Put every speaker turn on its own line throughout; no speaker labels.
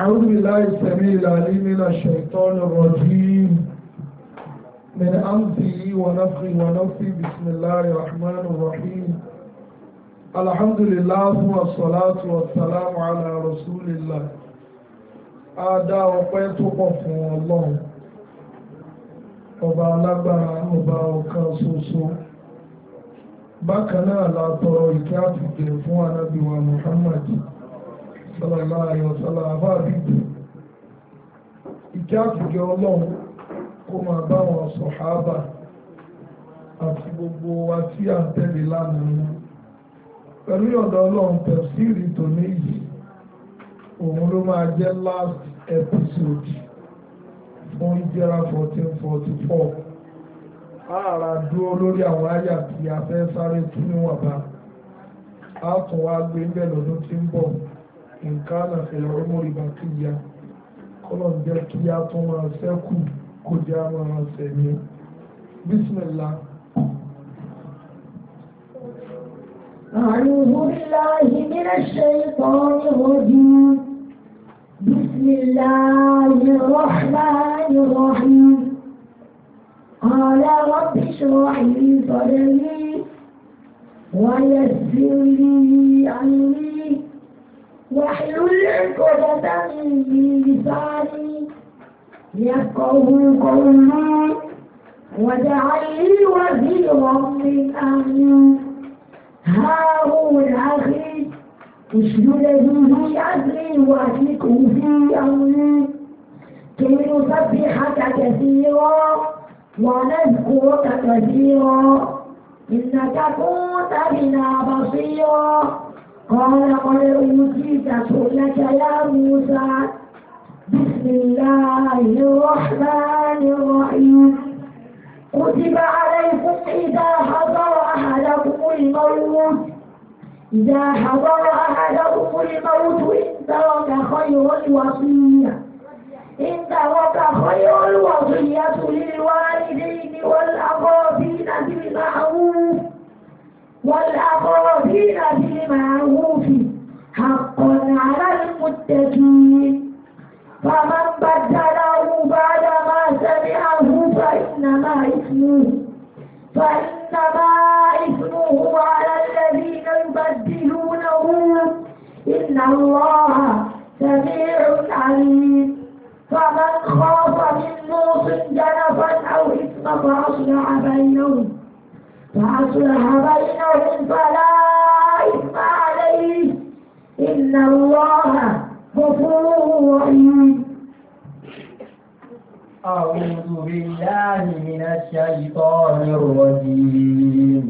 أعوذ بالله السميع العليم من الشيطان الرجيم من أمسه ونفخه ونفخه بسم الله الرحمن الرحيم الحمد لله والصلاة والسلام على رسول الله ada ọpẹ́ tó pọ̀ fún ọlọ́run ọba alágbára ọba ọ̀kan ṣoṣo bákan náà la ìkẹ́ àtìgbè fún anábìwa muhammad sallallahu alaihi wasallam àbáàbí ìkẹ́ àtìkẹ́ ọlọ́run kó máa bá wọn sọ̀hábà àti gbogbo wa tí à ń tẹ̀lé lánàá pẹ̀lú ọ̀dọ̀ ọlọ́run tẹ̀síìrì tòní yìí òun ló máa jẹ́ last episode fún ìjẹ́ra 1444 ààrà dúró lórí àwọn àyà tí a fẹ́ sáré tún níwọ̀nba a tún wá gbé bẹ́ẹ̀ lọ́dún tí ń bọ̀ nǹkan àfẹ́lẹ̀ ọmọ ìgbà tó yá kọ́lọ̀ jẹ́ kí a tó máa sẹ́kù kó jẹ́ máa أعوذ
بالله من الشيطان الرجيم بسم الله الرحمن الرحيم قال رب اشرح لي صدري ويسر لي أمري واحلل عقدة من لساني يفقه قولي واجعل لي وزيرا من أهلي هارون أخي اشدد به أجري وأشركه في أمري كي نسبحك كثيرا ونذكرك كثيرا إنك كنت بنا بصيرا قال قل أوتيت سؤلك يا موسى بسم الله الرحمن الرحيم كتب عليكم إذا حضر أحدكم الموت إذا حضر أحدكم الموت إن ترك خير الوصية إن ترك خير الوصية للوالدين والأقربين بالمعروف والأقربين بالمعروف حقا على المتقين فمن بدله بعد ما سمعه فإنما إثمه فإنما إثمه على الذين يبدلونه إن الله سميع عليم فمن خاف من موص جنفا أو إثما فأصلح بينهم فأصلح بينهم فلا إثم عليه إن الله غفور رحيم
أعوذ بالله من الشيطان الرجيم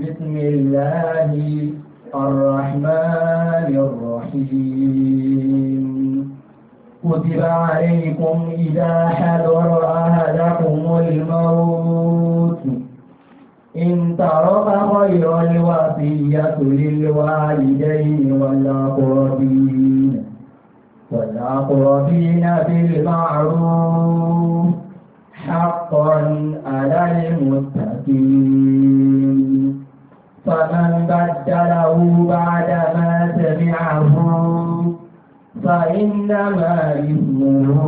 بسم الله الرحمن الرحيم كتب عليكم إذا حضر أهلكم الموت إن ترك خير الوصية للوالدين والأقربين والأقربين بالمعروف حقا على المتقين فمن بدله بعدما سمعه فإنما إثمه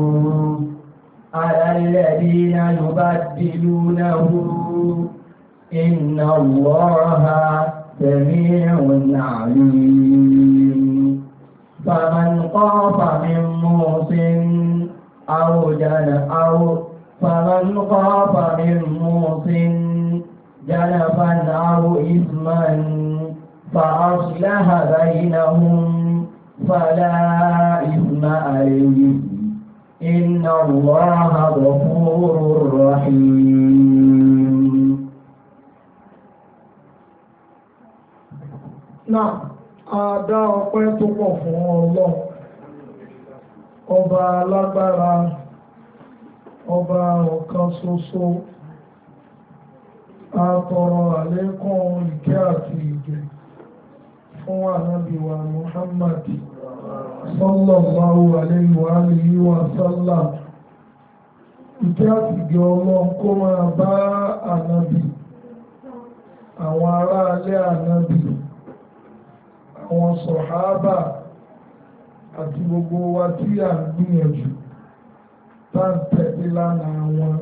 على الذين يبدلونه إن الله سميع عليم فمن خاف من موص أو جنى أو فمن خاف من موص جنفا أو إثما فأصلح بينهم فلا إثم عليه إن الله غفور رحيم
na a dá ọpẹ́ tó pọ̀ fún ọba alágbára ọba ọ̀kan ṣoṣo a tọrọ àlékún ìkẹ́ àti ìgẹ̀ fún ànábì wa Muhammad sallallahu alayhi wa alihi wa sallam Ike àti ìgẹ̀ ọlọ́run kó máa bá ànábì àwọn aráalé ànábì. àwọn sọ̀háábà àti gbogbo wa tí à ń gbìyànjú tá ń tẹ̀lé lánàá wọn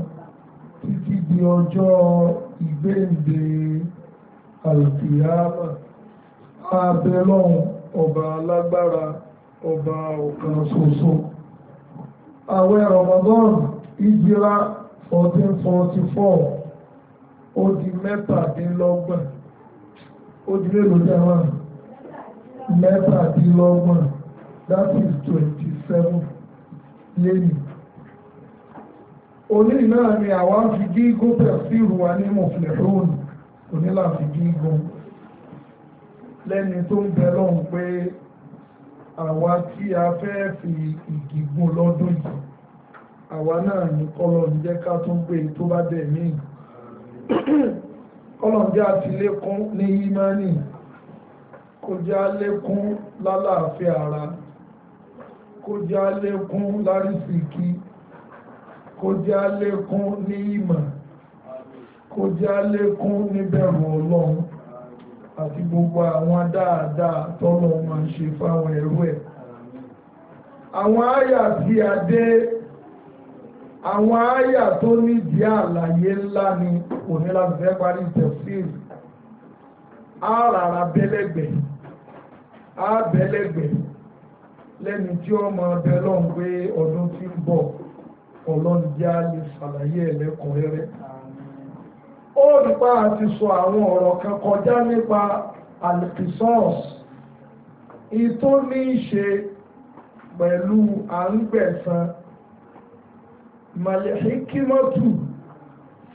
títí di ọjọ́ ìgbéǹde àlùkìyámà abẹ́lọ́hùn ọba alágbára ọba ọ̀kan ṣoṣo àwẹ̀ Ramadan ìjìra 1444 ó di mẹ́tàdínlọ́gbọ̀n ó di mélòó jẹ́ wọn mẹ́tàdínlọ́gbọ̀n that is twenty seven lẹ́yìn. òní náà ni àwa fi gígùn tẹ̀síìrù wa ní mọ̀fìlẹ́rún òní là fi gígùn lẹ́ni tó ń bẹ lọ́hùn pé àwa tí a fẹ́ fi ìgígùn lọ́dún yìí àwa náà ní kọ́lọ̀ ń jẹ́ ká tún gbé tó bá dẹ̀ míì kọ́lọ̀ ń jẹ́ àtilékún ní yímánì kó jẹ́ alékún lálàáfíà ara kó jẹ́ alékún lárísìkí kó jẹ́ alékún ní ìmọ̀ kó jẹ́ alékún níbẹ̀rù ọlọ́run àti gbogbo àwọn dáadáa tọ́lọ́ máa ń ṣe fáwọn ẹrú ẹ̀ àwọn àyà tí a dé àwọn àyà tó ní àlàyé ńlá ni òní láti fẹ́ parí tẹ̀síìsì á rárá bẹ́lẹ́gbẹ̀ á bẹ́lẹ́gbẹ̀ lẹ́ni tí ó máa bẹ lọ́n pé ọdún tí ń bọ̀ ọlọ́run jẹ́ á lè ṣàlàyé ẹ̀lẹ́kùnrẹ́rẹ́ ó nípa àti sọ àwọn ọ̀rọ̀ kan kọjá nípa alkisọ́ọ̀sì ìtó ní í ṣe pẹ̀lú à ń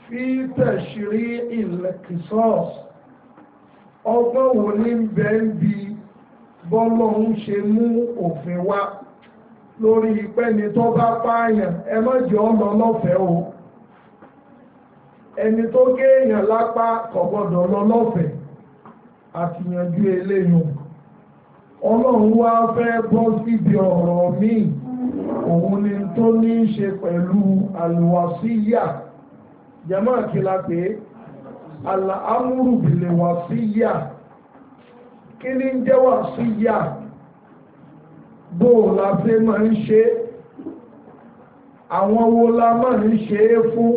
fi tẹ̀sírí ilkisọ́ọ̀sì ọgbọ́n wo ní bẹ ń bi bọ́lọ́hún ṣe mú òfin wá lórí ìpẹ́ni tó bá pààyàn ẹ má jẹ́ ọ̀nà lọ́fẹ̀ẹ́ o ẹni tó géèyàn lápá kò gbọ́dọ̀ lọ lọ́fẹ̀ẹ́ àtìyànjú eléyìí ọlọ́run wá fẹ́ bọ́ síbi ọ̀rọ̀ míì òun ni tó ní í ṣe pẹ̀lú àlùwàsíyà jẹ́mọ́ àkìlá pé àlàámúrùbìlẹ̀ wà sí yà kí ní jẹ́ wà sí yà bó la fẹ́ máa ń ṣe àwọn wo la máa ń ṣe é fún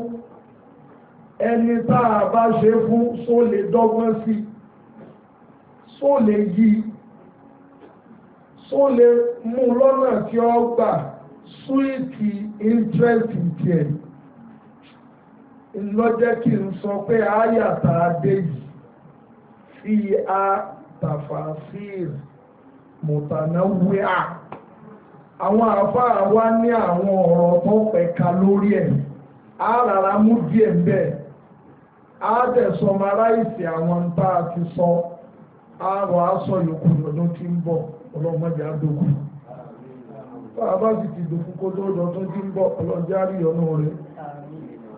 ẹni tá a bá ṣe fún só lè dọ́gbọ́n sí só lè yí só lè mú lọ́nà tí ó gbà súwìtì íńtírẹ́sì tiẹ̀ lọ́jẹ́ kí n sọ pé áyàtà adéjì fi a tàfàṣìr mùtànáwíà àwọn àfáà wá ní àwọn ọ̀rọ̀ tó pẹ̀ka lórí ẹ̀ á rárá mú díẹ̀ bẹ́ẹ̀ á tẹ̀sọ́ maráìsì àwọn tá a ti sọ á rọ aṣọ yòókù lọ́dún tí ń bọ̀ ọlọ́mọdé bá a bá sì ti dòkú kó tó ń bọ̀ ọ̀nà rẹ̀.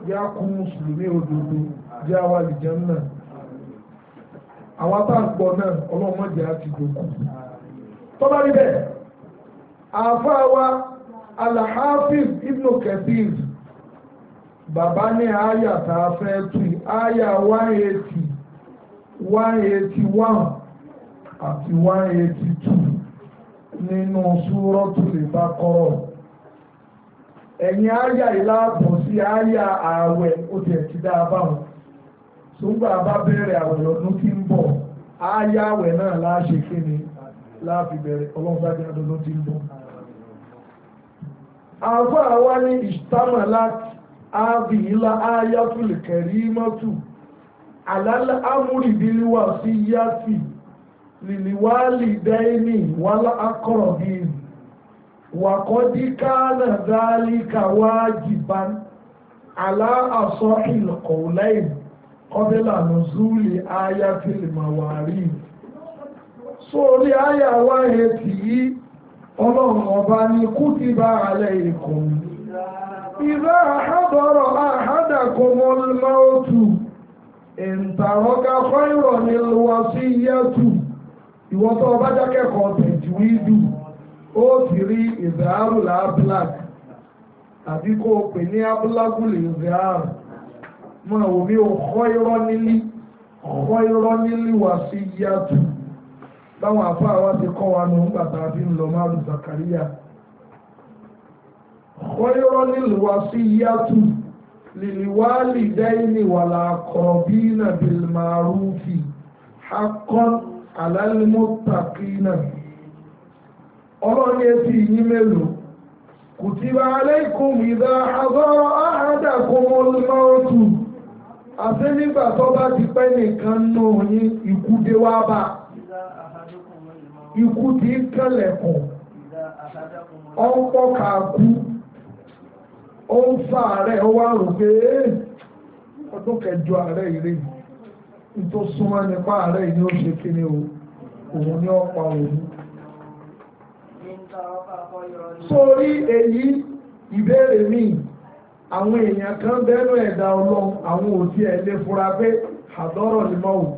yá kú mùsùlùmí òdodo yá wà lìjẹ́ náà àwọn abáàgbọ̀ náà ọlọ́mọdé àti gbogbo tọ́lá níbẹ̀ àáfàá wa alhafiz ibn kathir bàbá ní àyà tá a fẹ́ tù àyà one eighty one eighty one àti one eighty two nínú súrọ́tù lè bá kọ́rọ̀. ẹ̀yìn àyà ìlàbọ̀ sí àyà ààwẹ̀ ó ti ẹ̀ ti dá a báwọn ṣùgbọ́n àbá bẹ̀rẹ̀ àwẹ̀ lọ́dún tí ń bọ̀ àyà àwẹ̀ náà láṣẹ kí ni bẹ̀rẹ̀ ọlọ́run bá jẹ́ lọ́dún tí ń bọ̀. àbọ̀ àwa ní ìṣtámà láti ábì àlálẹ́ sí lìlìwálì dẹ́ẹ́nì akọ̀rọ̀ wàkọ́dí káànà dáálíkà wájìbá aláàsọ́ ìlọ̀kọ̀ lẹ́yìn kọ́bílà nùzúlì ayá fìlìmọ̀wárí sórí ayá wáyé tì í ọlọ́run ọba ní kútìbá alẹ́ èkó ìlà àhádọ́rọ̀ àhádàkọ́mọ́ lọ́ọ̀tù ìntàrọ́gá fáìrọ̀ nílùú wá sí yẹ́tù ìwọ́tọ̀ ọbájákẹ́kọ̀ọ́ tẹ̀jú ìdù ó sì rí ìzáàrù láàbùlàk tàbí kó o pè ní abúlágùlì ìzáàrù mọ omi ò kọ́ irọ́ nílí kọ́ irọ́ nílí wá sí yíyàtú báwọn àfáà wa ti kọ́ wa nù nígbà tá a fi ń lọ máàlù Zakaria kọ́ irọ́ nílí wá sí yíyàtú lìlìwálì dẹ́yìnì wàlàkọ̀ọ́bí nàbìlmàrúfì hakọ́n alálìmọ́tàkì náà ọlọ́run ní etí yín mélòó kùtìbà alaykum idha hadara ahadakumu al-mawtu àti nígbà tó bá ti pẹ́ nìkan nù yín ikú dé wá bá ikú ti ń kẹlẹ̀kùn ọ ń pọ̀ kàkú ó ń fa ààrẹ ó wá rò pé eh, ọdún kẹjọ ààrẹ ìrè ní tó súnmọ́ nípa ààrẹ ìní ó ṣe kíni o òun ní ọ̀pá òun sórí èyí ìbéèrè mi àwọn èèyàn kan bẹ́nu ẹ̀dá ọlọ́run àwọn òtí ẹ̀ lè fura pé àdọ́rọ̀ ni mọ́ òun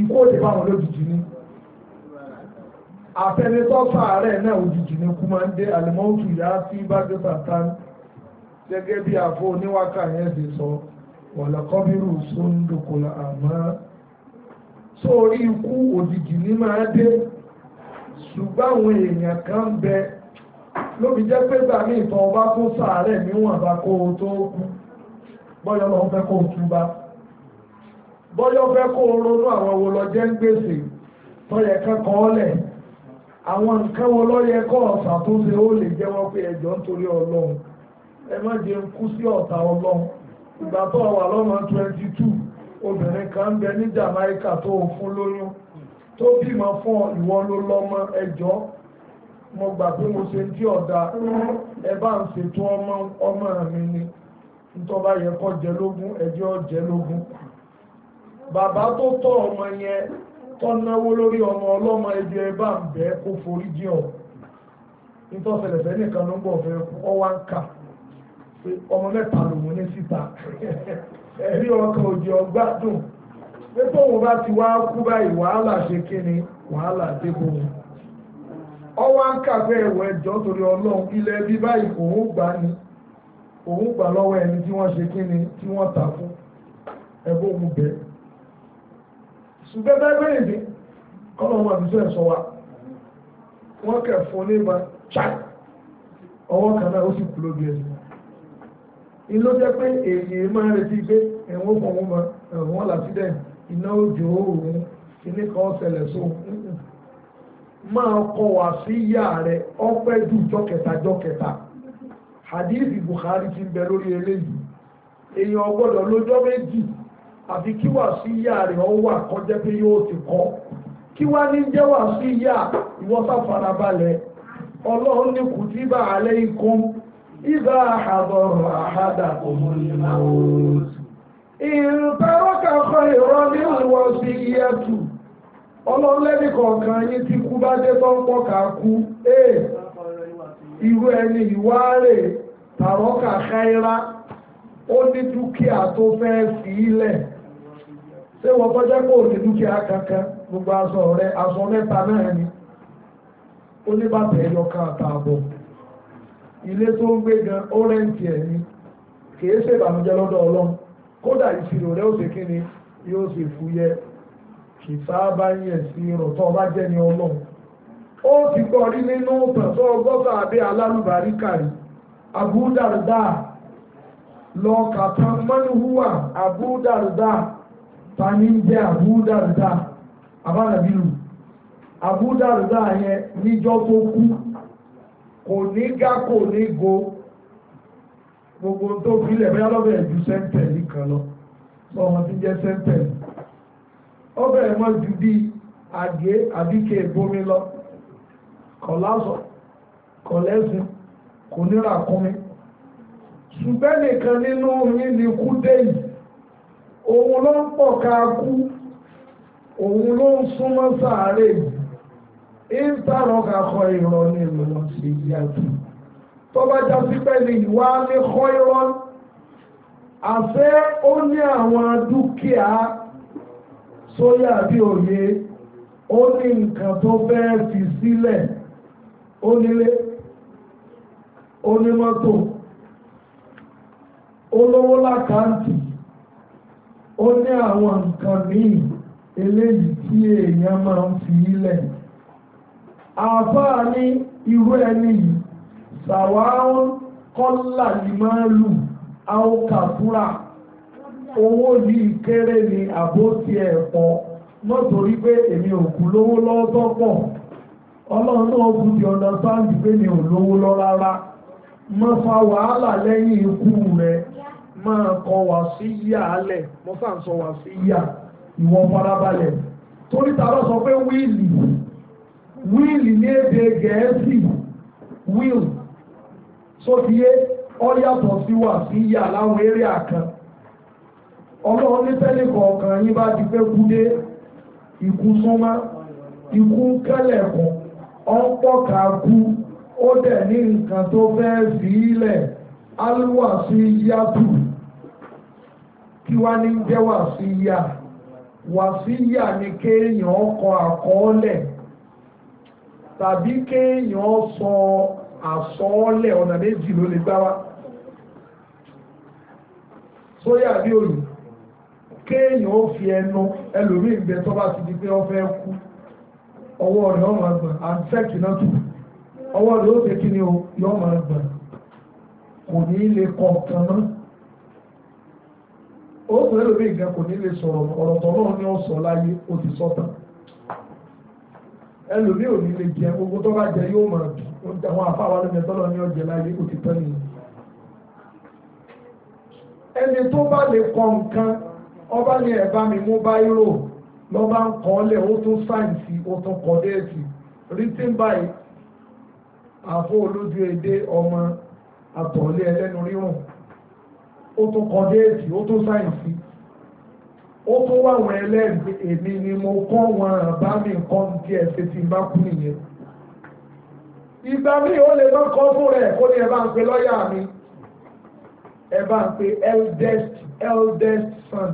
ikú òde báwọn lójijì ni àfẹnitọ́fà rẹ̀ náà òjijì ni kú máa ń dé àlùmọ́ọ̀tù yá sí bàdé bàtán gẹ́gẹ́ bí àfọ oníwákà yẹn ti sọ wọ̀lẹ́kọ́bírù sóńdòkòlà àmọ́ sórí ikú òjijì ni máa dé ṣùgbọ́n àwọn èèyàn kan bẹ́ẹ̀. lóbi jẹ́ pé gbà ní ìtọ̀ ọba tó sàárẹ̀ níwọ̀n bá kó o tó kú bọ́yọ̀ lọ fẹ́ kó o túbá bọ́yọ̀ fẹ́ kó o ronú àwọn owó lọ jẹ́ ń gbèsè tọ́yẹ kẹ́kọ̀ àwọn nǹkan wo lọ́yẹ kọ́ Jamaica tó fún lóyún tó bímọ fún ìwọ ló lọ́mọ mo gbà pé mo ṣe tí ọ̀dà ẹ bá ń ṣètò ọmọ ọmọ mi ni ntọ́ba yẹ kọ́ jẹ lógún ẹjẹ́ ọ̀jẹ́ lógún bàbá tó ọmọ yẹn tọ náwó lórí ọmọ ọlọ́mọ ẹjẹ́ ẹ bá ń bẹ́ kó forí nìkan ló ń bọ̀ ọmọ mẹ́ta ní síta ẹ̀rí ọkàn òjì pé tóun bá ti wá kú báyìí wàhálà ṣe wàhálà ọwọ́ ń kàfẹ́ ẹ̀wọ̀ ẹ̀jọ́ torí ọlọ́run ilẹ̀ bí báyìí òun gbà ní òun gbà lọ́wọ́ ẹni tí wọ́n ṣe kí ni tí wọ́n tà fún ẹ̀bùn òun bẹ́ẹ̀. ṣùgbọ́n bẹ́ẹ̀ bẹ́ẹ̀ ni kọ́lọ́ wọn àbísọ̀ ẹ̀sọ́ wa wọ́n kẹ̀ fún ní ma chai ọwọ́ kan náà ó sì kú lóbi ẹ̀sìn. ìlú jẹ́ pé èyí máa ń retí pé ẹ̀wọ̀n fún wọn ma ẹ̀wọ̀n làtí dẹ̀ iná òjò òòrùn kìnnìkan máa kọ́ wá sí ìyá rẹ̀ ọpẹ́ jù jọ́kẹta jọ́kẹta hadithi Bukhari ti ń bẹ lórí eléyìí èèyàn ọgbọ́dọ̀ lọ́jọ́ méjì àfi kí wà sí ìyá rẹ̀ ọ wà kọjá pé yóò ti kọ́ kí wá ní jẹ́ wà sí ìyá ìwọ́sà farabalẹ̀ ọlọ́run ní kù tí bá alẹ́ ikú ìbá àhàdọ̀rọ̀ àhàdà òmùnìyàn ìrùtàrọ́kà kọ́ ìrọ́ ní ìwọ̀n sí ọlọ́lẹ́bí kọ̀ọ̀kan yín ti kú bá dé tó ń pọ̀ ká kú ee irú ẹni ìwárè tàrọ́kà káírá ó ní dúkìá tó fẹ́ fi ilẹ̀ ṣé wọ́n tó jẹ́ kó ní dúkìá kankan gbogbo aṣọ rẹ aṣọ mẹ́ta náà ni ó ní bàtà ẹyọ kan àtààbọ̀ ilé tó ń gbé gan ó ẹ̀ ni kì ṣèbànújẹ́ lọ́dọ̀ ọlọ́run kódà ìṣirò rẹ ó ṣe kí ni yóò ṣe fúyẹ́ ìsáábà yẹ̀ sí ìrọ̀tọ́ ọba jẹ́ ni ọlọ́run ó ti kọ́ rí nínú pẹ̀sọ́ ọgọ́ta àbí alálùbáríkà rí abúdàrúdà lọ́ọ̀kà tán mọ́nìhúwà abúdàrúdà tani jẹ́ abúdàrúdà abánàbílù abúdàrúdà yẹn níjọ́ tó kú kò ní ga kò ní go gbogbo tó fi lẹ̀ bẹ́ẹ̀ lọ́bẹ̀ẹ́ ju sẹ́ńtẹ̀lì kan lọ sọ wọn ti jẹ́ sẹ́ńtẹ̀lì ó bẹ̀rẹ̀ mọ́ ju bí àgé àbíkẹ́ ìbomi lọ kọ̀ lásọ̀ kọ̀ lẹ́sìn kò níra kúnmi ṣùgbẹ́ nìkan nínú yín ni kú dé yìí òun ló ń pọ̀ ká kú òun ló ń súnmọ́ sàárè yìí ń ni kakọ ìrọ̀ ní ìlú sí ìyàtú tó bá já ní kọ́ ìrọ̀ àṣẹ ó ní àwọn dúkìá sóyà bí òye ó ní nǹkan tó fẹ́ fi sílẹ̀ onílé onímọ́tò olówó lákàntì ó ní àwọn nǹkan míì eléyìí tí èèyàn máa ń fi ilẹ̀ àfáà ní irú ẹni yìí sàwáhùn kọ́là ìmáàlù àókàfúrà owó yìí kéré ni àbótí ẹ̀pọ̀ lọ́tọ̀rí pé èmi ò kú lówó lọ́wọ́ pọ̀ ọlọ́run náà kú ti ọ̀nà pé mi ò lówó lọ rárá fa wàhálà lẹ́yìn ikú rẹ máa kọ wà sí yíyà alẹ̀ mọ́ sà ń sọ wà sí yíyà ìwọ̀n farabalẹ̀ torí ta sọ pé wíìlì wíìlì ní èdè gẹ̀ẹ́sì sófiyé ọ yàtọ̀ sí wà sí yíyà láwọn eré ọlọ́run ní tẹ́lẹ̀ kọ̀ọ̀kan yín bá ti pé kú dé ikú súnmọ́ ikú ọ̀pọ̀ka kú ó dẹ̀ ní nǹkan tó fẹ́ fi ilẹ̀ alúwà sí yàtù kí wá ní jẹ́ wà sí yà wà sí yà kéèyàn kọ àkọọ́lẹ̀ tàbí kéèyàn sọ àsọọ́lẹ̀ ọ̀nà méjì ló lè gbá kéèyàn ó fi ẹnu ẹlòmí ìgbẹ́ tó bá ti di pé ó fẹ́ kú ọwọ́ rẹ̀ ọmọ ẹgbẹ̀ àǹtẹ́kì náà tù ọwọ́ rẹ̀ ó ti kí ni ọmọ ẹgbẹ̀ kò ní lè kọ̀ọ̀kan náà ó sọ ẹlòmí ìgbẹ́ kò ní lè sọ̀rọ̀ ọ̀rọ̀ tọ́lọ́ ni ó sọ láyé ó ti sọ́tàn ẹlòmí ò ní lè jẹ gbogbo tó bá jẹ yóò mọ̀ àwọn àfáwà lómi tọ́lọ́ ni ó láyé ó ti tán ẹni tó bá lè kọ nǹkan ọba ní ẹ̀bá mi mú báírò lọ́ba ń kọ́ lẹ̀ ó tún sáyẹ̀nsì ó tún kọ́ déètì written by àfọ olójú èdè ọmọ àtọ̀lé ẹlẹ́nu rírùn ó tún kọ́ déètì ó tún sáyẹ̀nsì ó tún wà wọn ẹlẹ́gbẹ́ èmi ni mo kọ́ wọn àbá mi kọ́ ní tí ẹ ṣe ti bá kú nìyẹn ìgbà mi ò lè má kọ́ fún rẹ̀ kó ní ẹ bá ń pe lọ́ọ̀yà mi ẹ bá ń pe eldest eldest son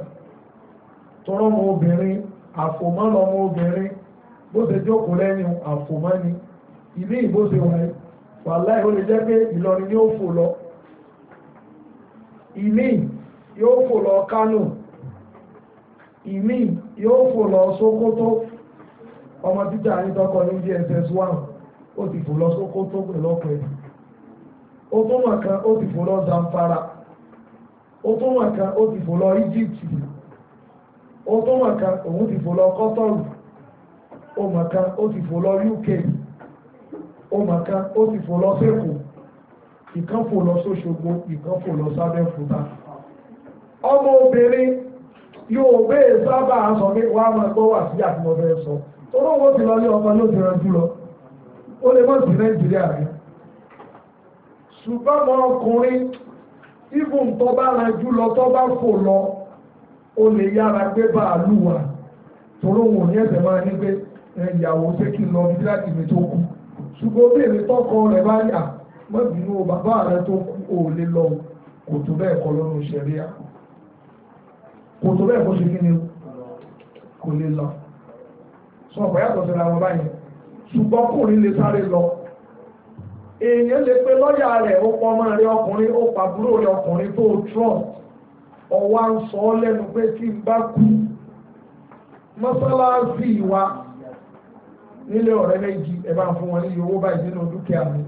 tọrọ ọmụ obìnrin àfòmọ́ lọmọ obìnrin bó ṣe jókòó lẹ́yìn àfòmọ́ ni ilé ìbò ṣe wáyé wàláì ó lè jẹ́ pé Ìlọrin yóò fò lọ ilé yóò fò lọ Kánò yóò fò lọ Sókótó ọmọ títà àyíntọ́kọ ní dss one ó ti fò lọ Sókótó pẹ̀lú ọ̀pẹ̀ ó tún mọ̀ kan ó ti fò lọ Zamfara ó tún mọ̀ kan ó ti fò lọ ó tó mọ̀ kan òun ti fò lọ kọ́tọ́rù ó mọ̀ kan ó ti fò lọ UK ó mọ̀ kan ó ti fò lọ sẹ́kù ìkan fò lọ sóṣogbo ìkan fò lọ sábẹ́fúta ọmọ obìnrin yóò bẹ́ẹ̀ sábà sọ pé wàá máa gbọ́ wà sí àfihàn fẹ́ sọ torí owó ti lọ ní ọmọ yóò ti rẹjú lọ ó lè mọ̀ sí Nàìjíríà rẹ̀ ṣùgbọ́n ọmọ ọkùnrin ibùn bá rẹjú lọ tó bá fò lọ ó lè yára gbé bàálù wà torí òun ní ẹ̀sẹ̀ máa ní pé ìyàwó ṣé kí n lọ bí láti mi tó kú ṣùgbọ́n obìnrin tọkọ rẹ̀ bá yà má bínú bàbá rẹ̀ tó kú ò lè lọ kò tó bẹ́ẹ̀ kọ́ lọ́nà ìṣẹ̀ríà kò tó bẹ́ẹ̀ kó ṣe kí ni kò lè lọ sọ ọ̀pọ̀ yàtọ̀ síra wọn báyìí ṣùgbọ́n kùnrin lè sáré lọ èèyàn lè pe lọ́ọ̀yà rẹ̀ ó pọ̀ ọmọ rẹ̀ ọkùnrin ó pàbúrò rẹ̀ ọkùnrin tó trust ọwá ń sọ ọ́ lẹ́nu pé tí n bá kú mọ́sálásí wa nílé ọ̀rẹ́ méjì ẹ bá ń fún wọn níye owó báyìí nínú dúkìá mi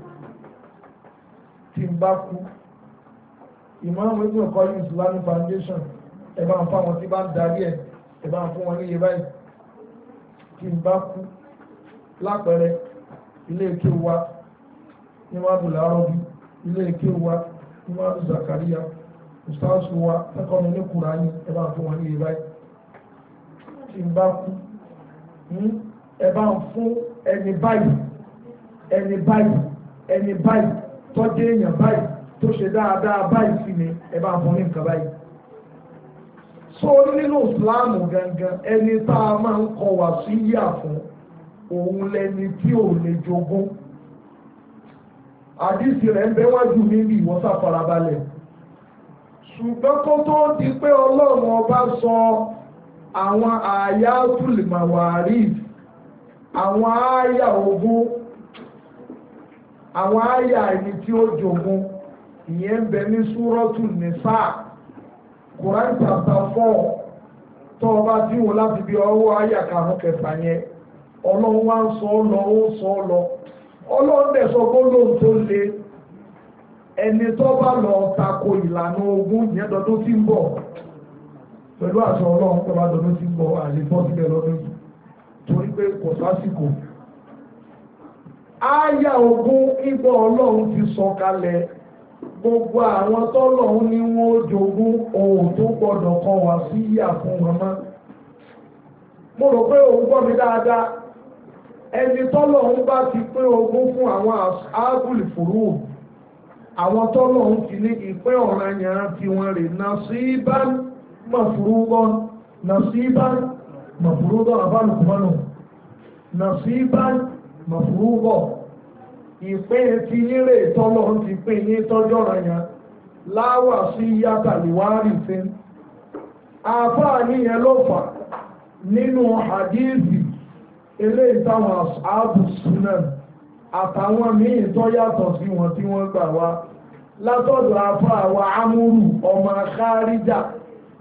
tí n bá kú ìmọ̀ràn wípé ọkọ̀ yìí Islamic Foundation ẹ bá ń fún àwọn tí bá ń darí ẹ̀ ẹ bá ń fún wọn níye báyìí tí n bá kú lápẹẹrẹ ilé ìkéwà ní wàá bùlá ilé ìkéwà ní wàá ìsáàsù wa ẹ̀kọ́ mi ní kura yín ẹ bá fún wọn ní ìyè báyìí tí n bá kú hmm, ẹ bá ń fún ẹni báyìí ẹni báyìí ẹni báyìí tọ́jú èèyàn báyìí tó ṣe dáadáa báyìí sí mi ẹ bá fún ní nǹkan báyìí. so nínú ìsìláàmù gangan ẹni tá a máa ń kọ wá sí yíyà fún òun lẹni tí ò lè jogún àdìsí rẹ̀ ń bẹ́wájú mi bí ìwọ́sà farabalẹ̀. ṣùgbọ́n kó tó di pé ọlọ́run ọba sọ àwọn àyà tùlìmàwárí àwọn àyà ogun àwọn àyà ẹni tí ó jogun ìyẹn ń bẹ ní súrọ́tù nìsá Quran chapter four tó ọba tí wọn láti bí ọwọ́ àyà karùn-ún yẹn ọlọ́run wá ń sọ ọ́ lọ ó sọ ọ́ lọ ọlọ́run dẹ̀ sọ tó le. ẹni tó bá lọ tako ìlànà ogun yẹn dọdún tí ń bọ̀ pẹ̀lú àṣọ ọlọ́run tó bá dọdún tí ń bọ̀ àlè bọ́ sílẹ̀ lọ́dún yìí torí pé kò sásìkò ááyà ogun ìbọ̀ ọlọrun ti sọ kalẹ̀ gbogbo àwọn tọ́lọ́run ni wọ́n jogún ohun tó gbọ́dọ̀ kan wá sí yà fún mama. mọ́ mo rò pé òun gbọ́ mi dáadáa ẹni tọ́lọ́run bá ti pín ogún fún àwọn ágùlì fòrúùbù àwọn tọ́lọ̀ ń ti ní ìpẹ́ ọ̀ranyàn tí wọ́n rè nasiban mafruḍan nasiban mafruḍan abálùkùmánù bá mafruḍan ìpẹ́ ti nílé tọ́lọ̀ ń ti pín ní tọ́jú ọ̀ranyàn láwà sí yátàlíwárì fún àfáà níyẹn ló fà nínú hadithi eléyìí táwọn àbùsùn náà àtàwọn míì tó yàtọ̀ sí wọn tí wọ́n gbà wá látọ̀dọ̀ afọ àwa amúrù ọmọ akárìjà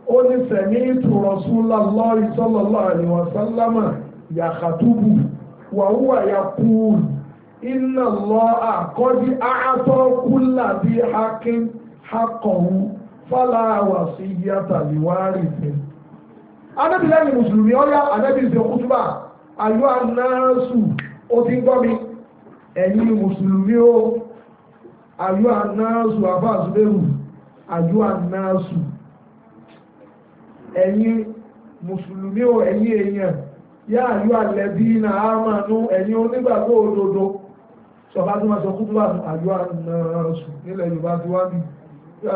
ó ní sẹ̀mí ìtùrọ̀súlá lọ́rí sọ́lọ́lọ́ àríwá sálámà yàkàtúbù wàhúwà yakúùlù iná lọ àkọ́dí àátọ́ kúlà bí hakin hakọ̀hún fáláwà sí yàtà fẹ́. anábìlẹ́yìn mùsùlùmí ọ̀yá anábìlẹ́yìn òkútùbà àyọ́ anáàsù ó ti ń gbọ́ mi ẹ̀yin mùsùlùmí ó àyú ànáàsù àbáàsùlérù àyú ànáàsù ẹ̀yin mùsùlùmí ó ẹ̀yin èèyàn yá àyú àlẹ́bí na ámànú ẹ̀yin onígbàgbọ́ òdodo sọ̀bá tó máa sọ kúrò àyú ànáàsù nílẹ̀ Yorùbá tó wá bí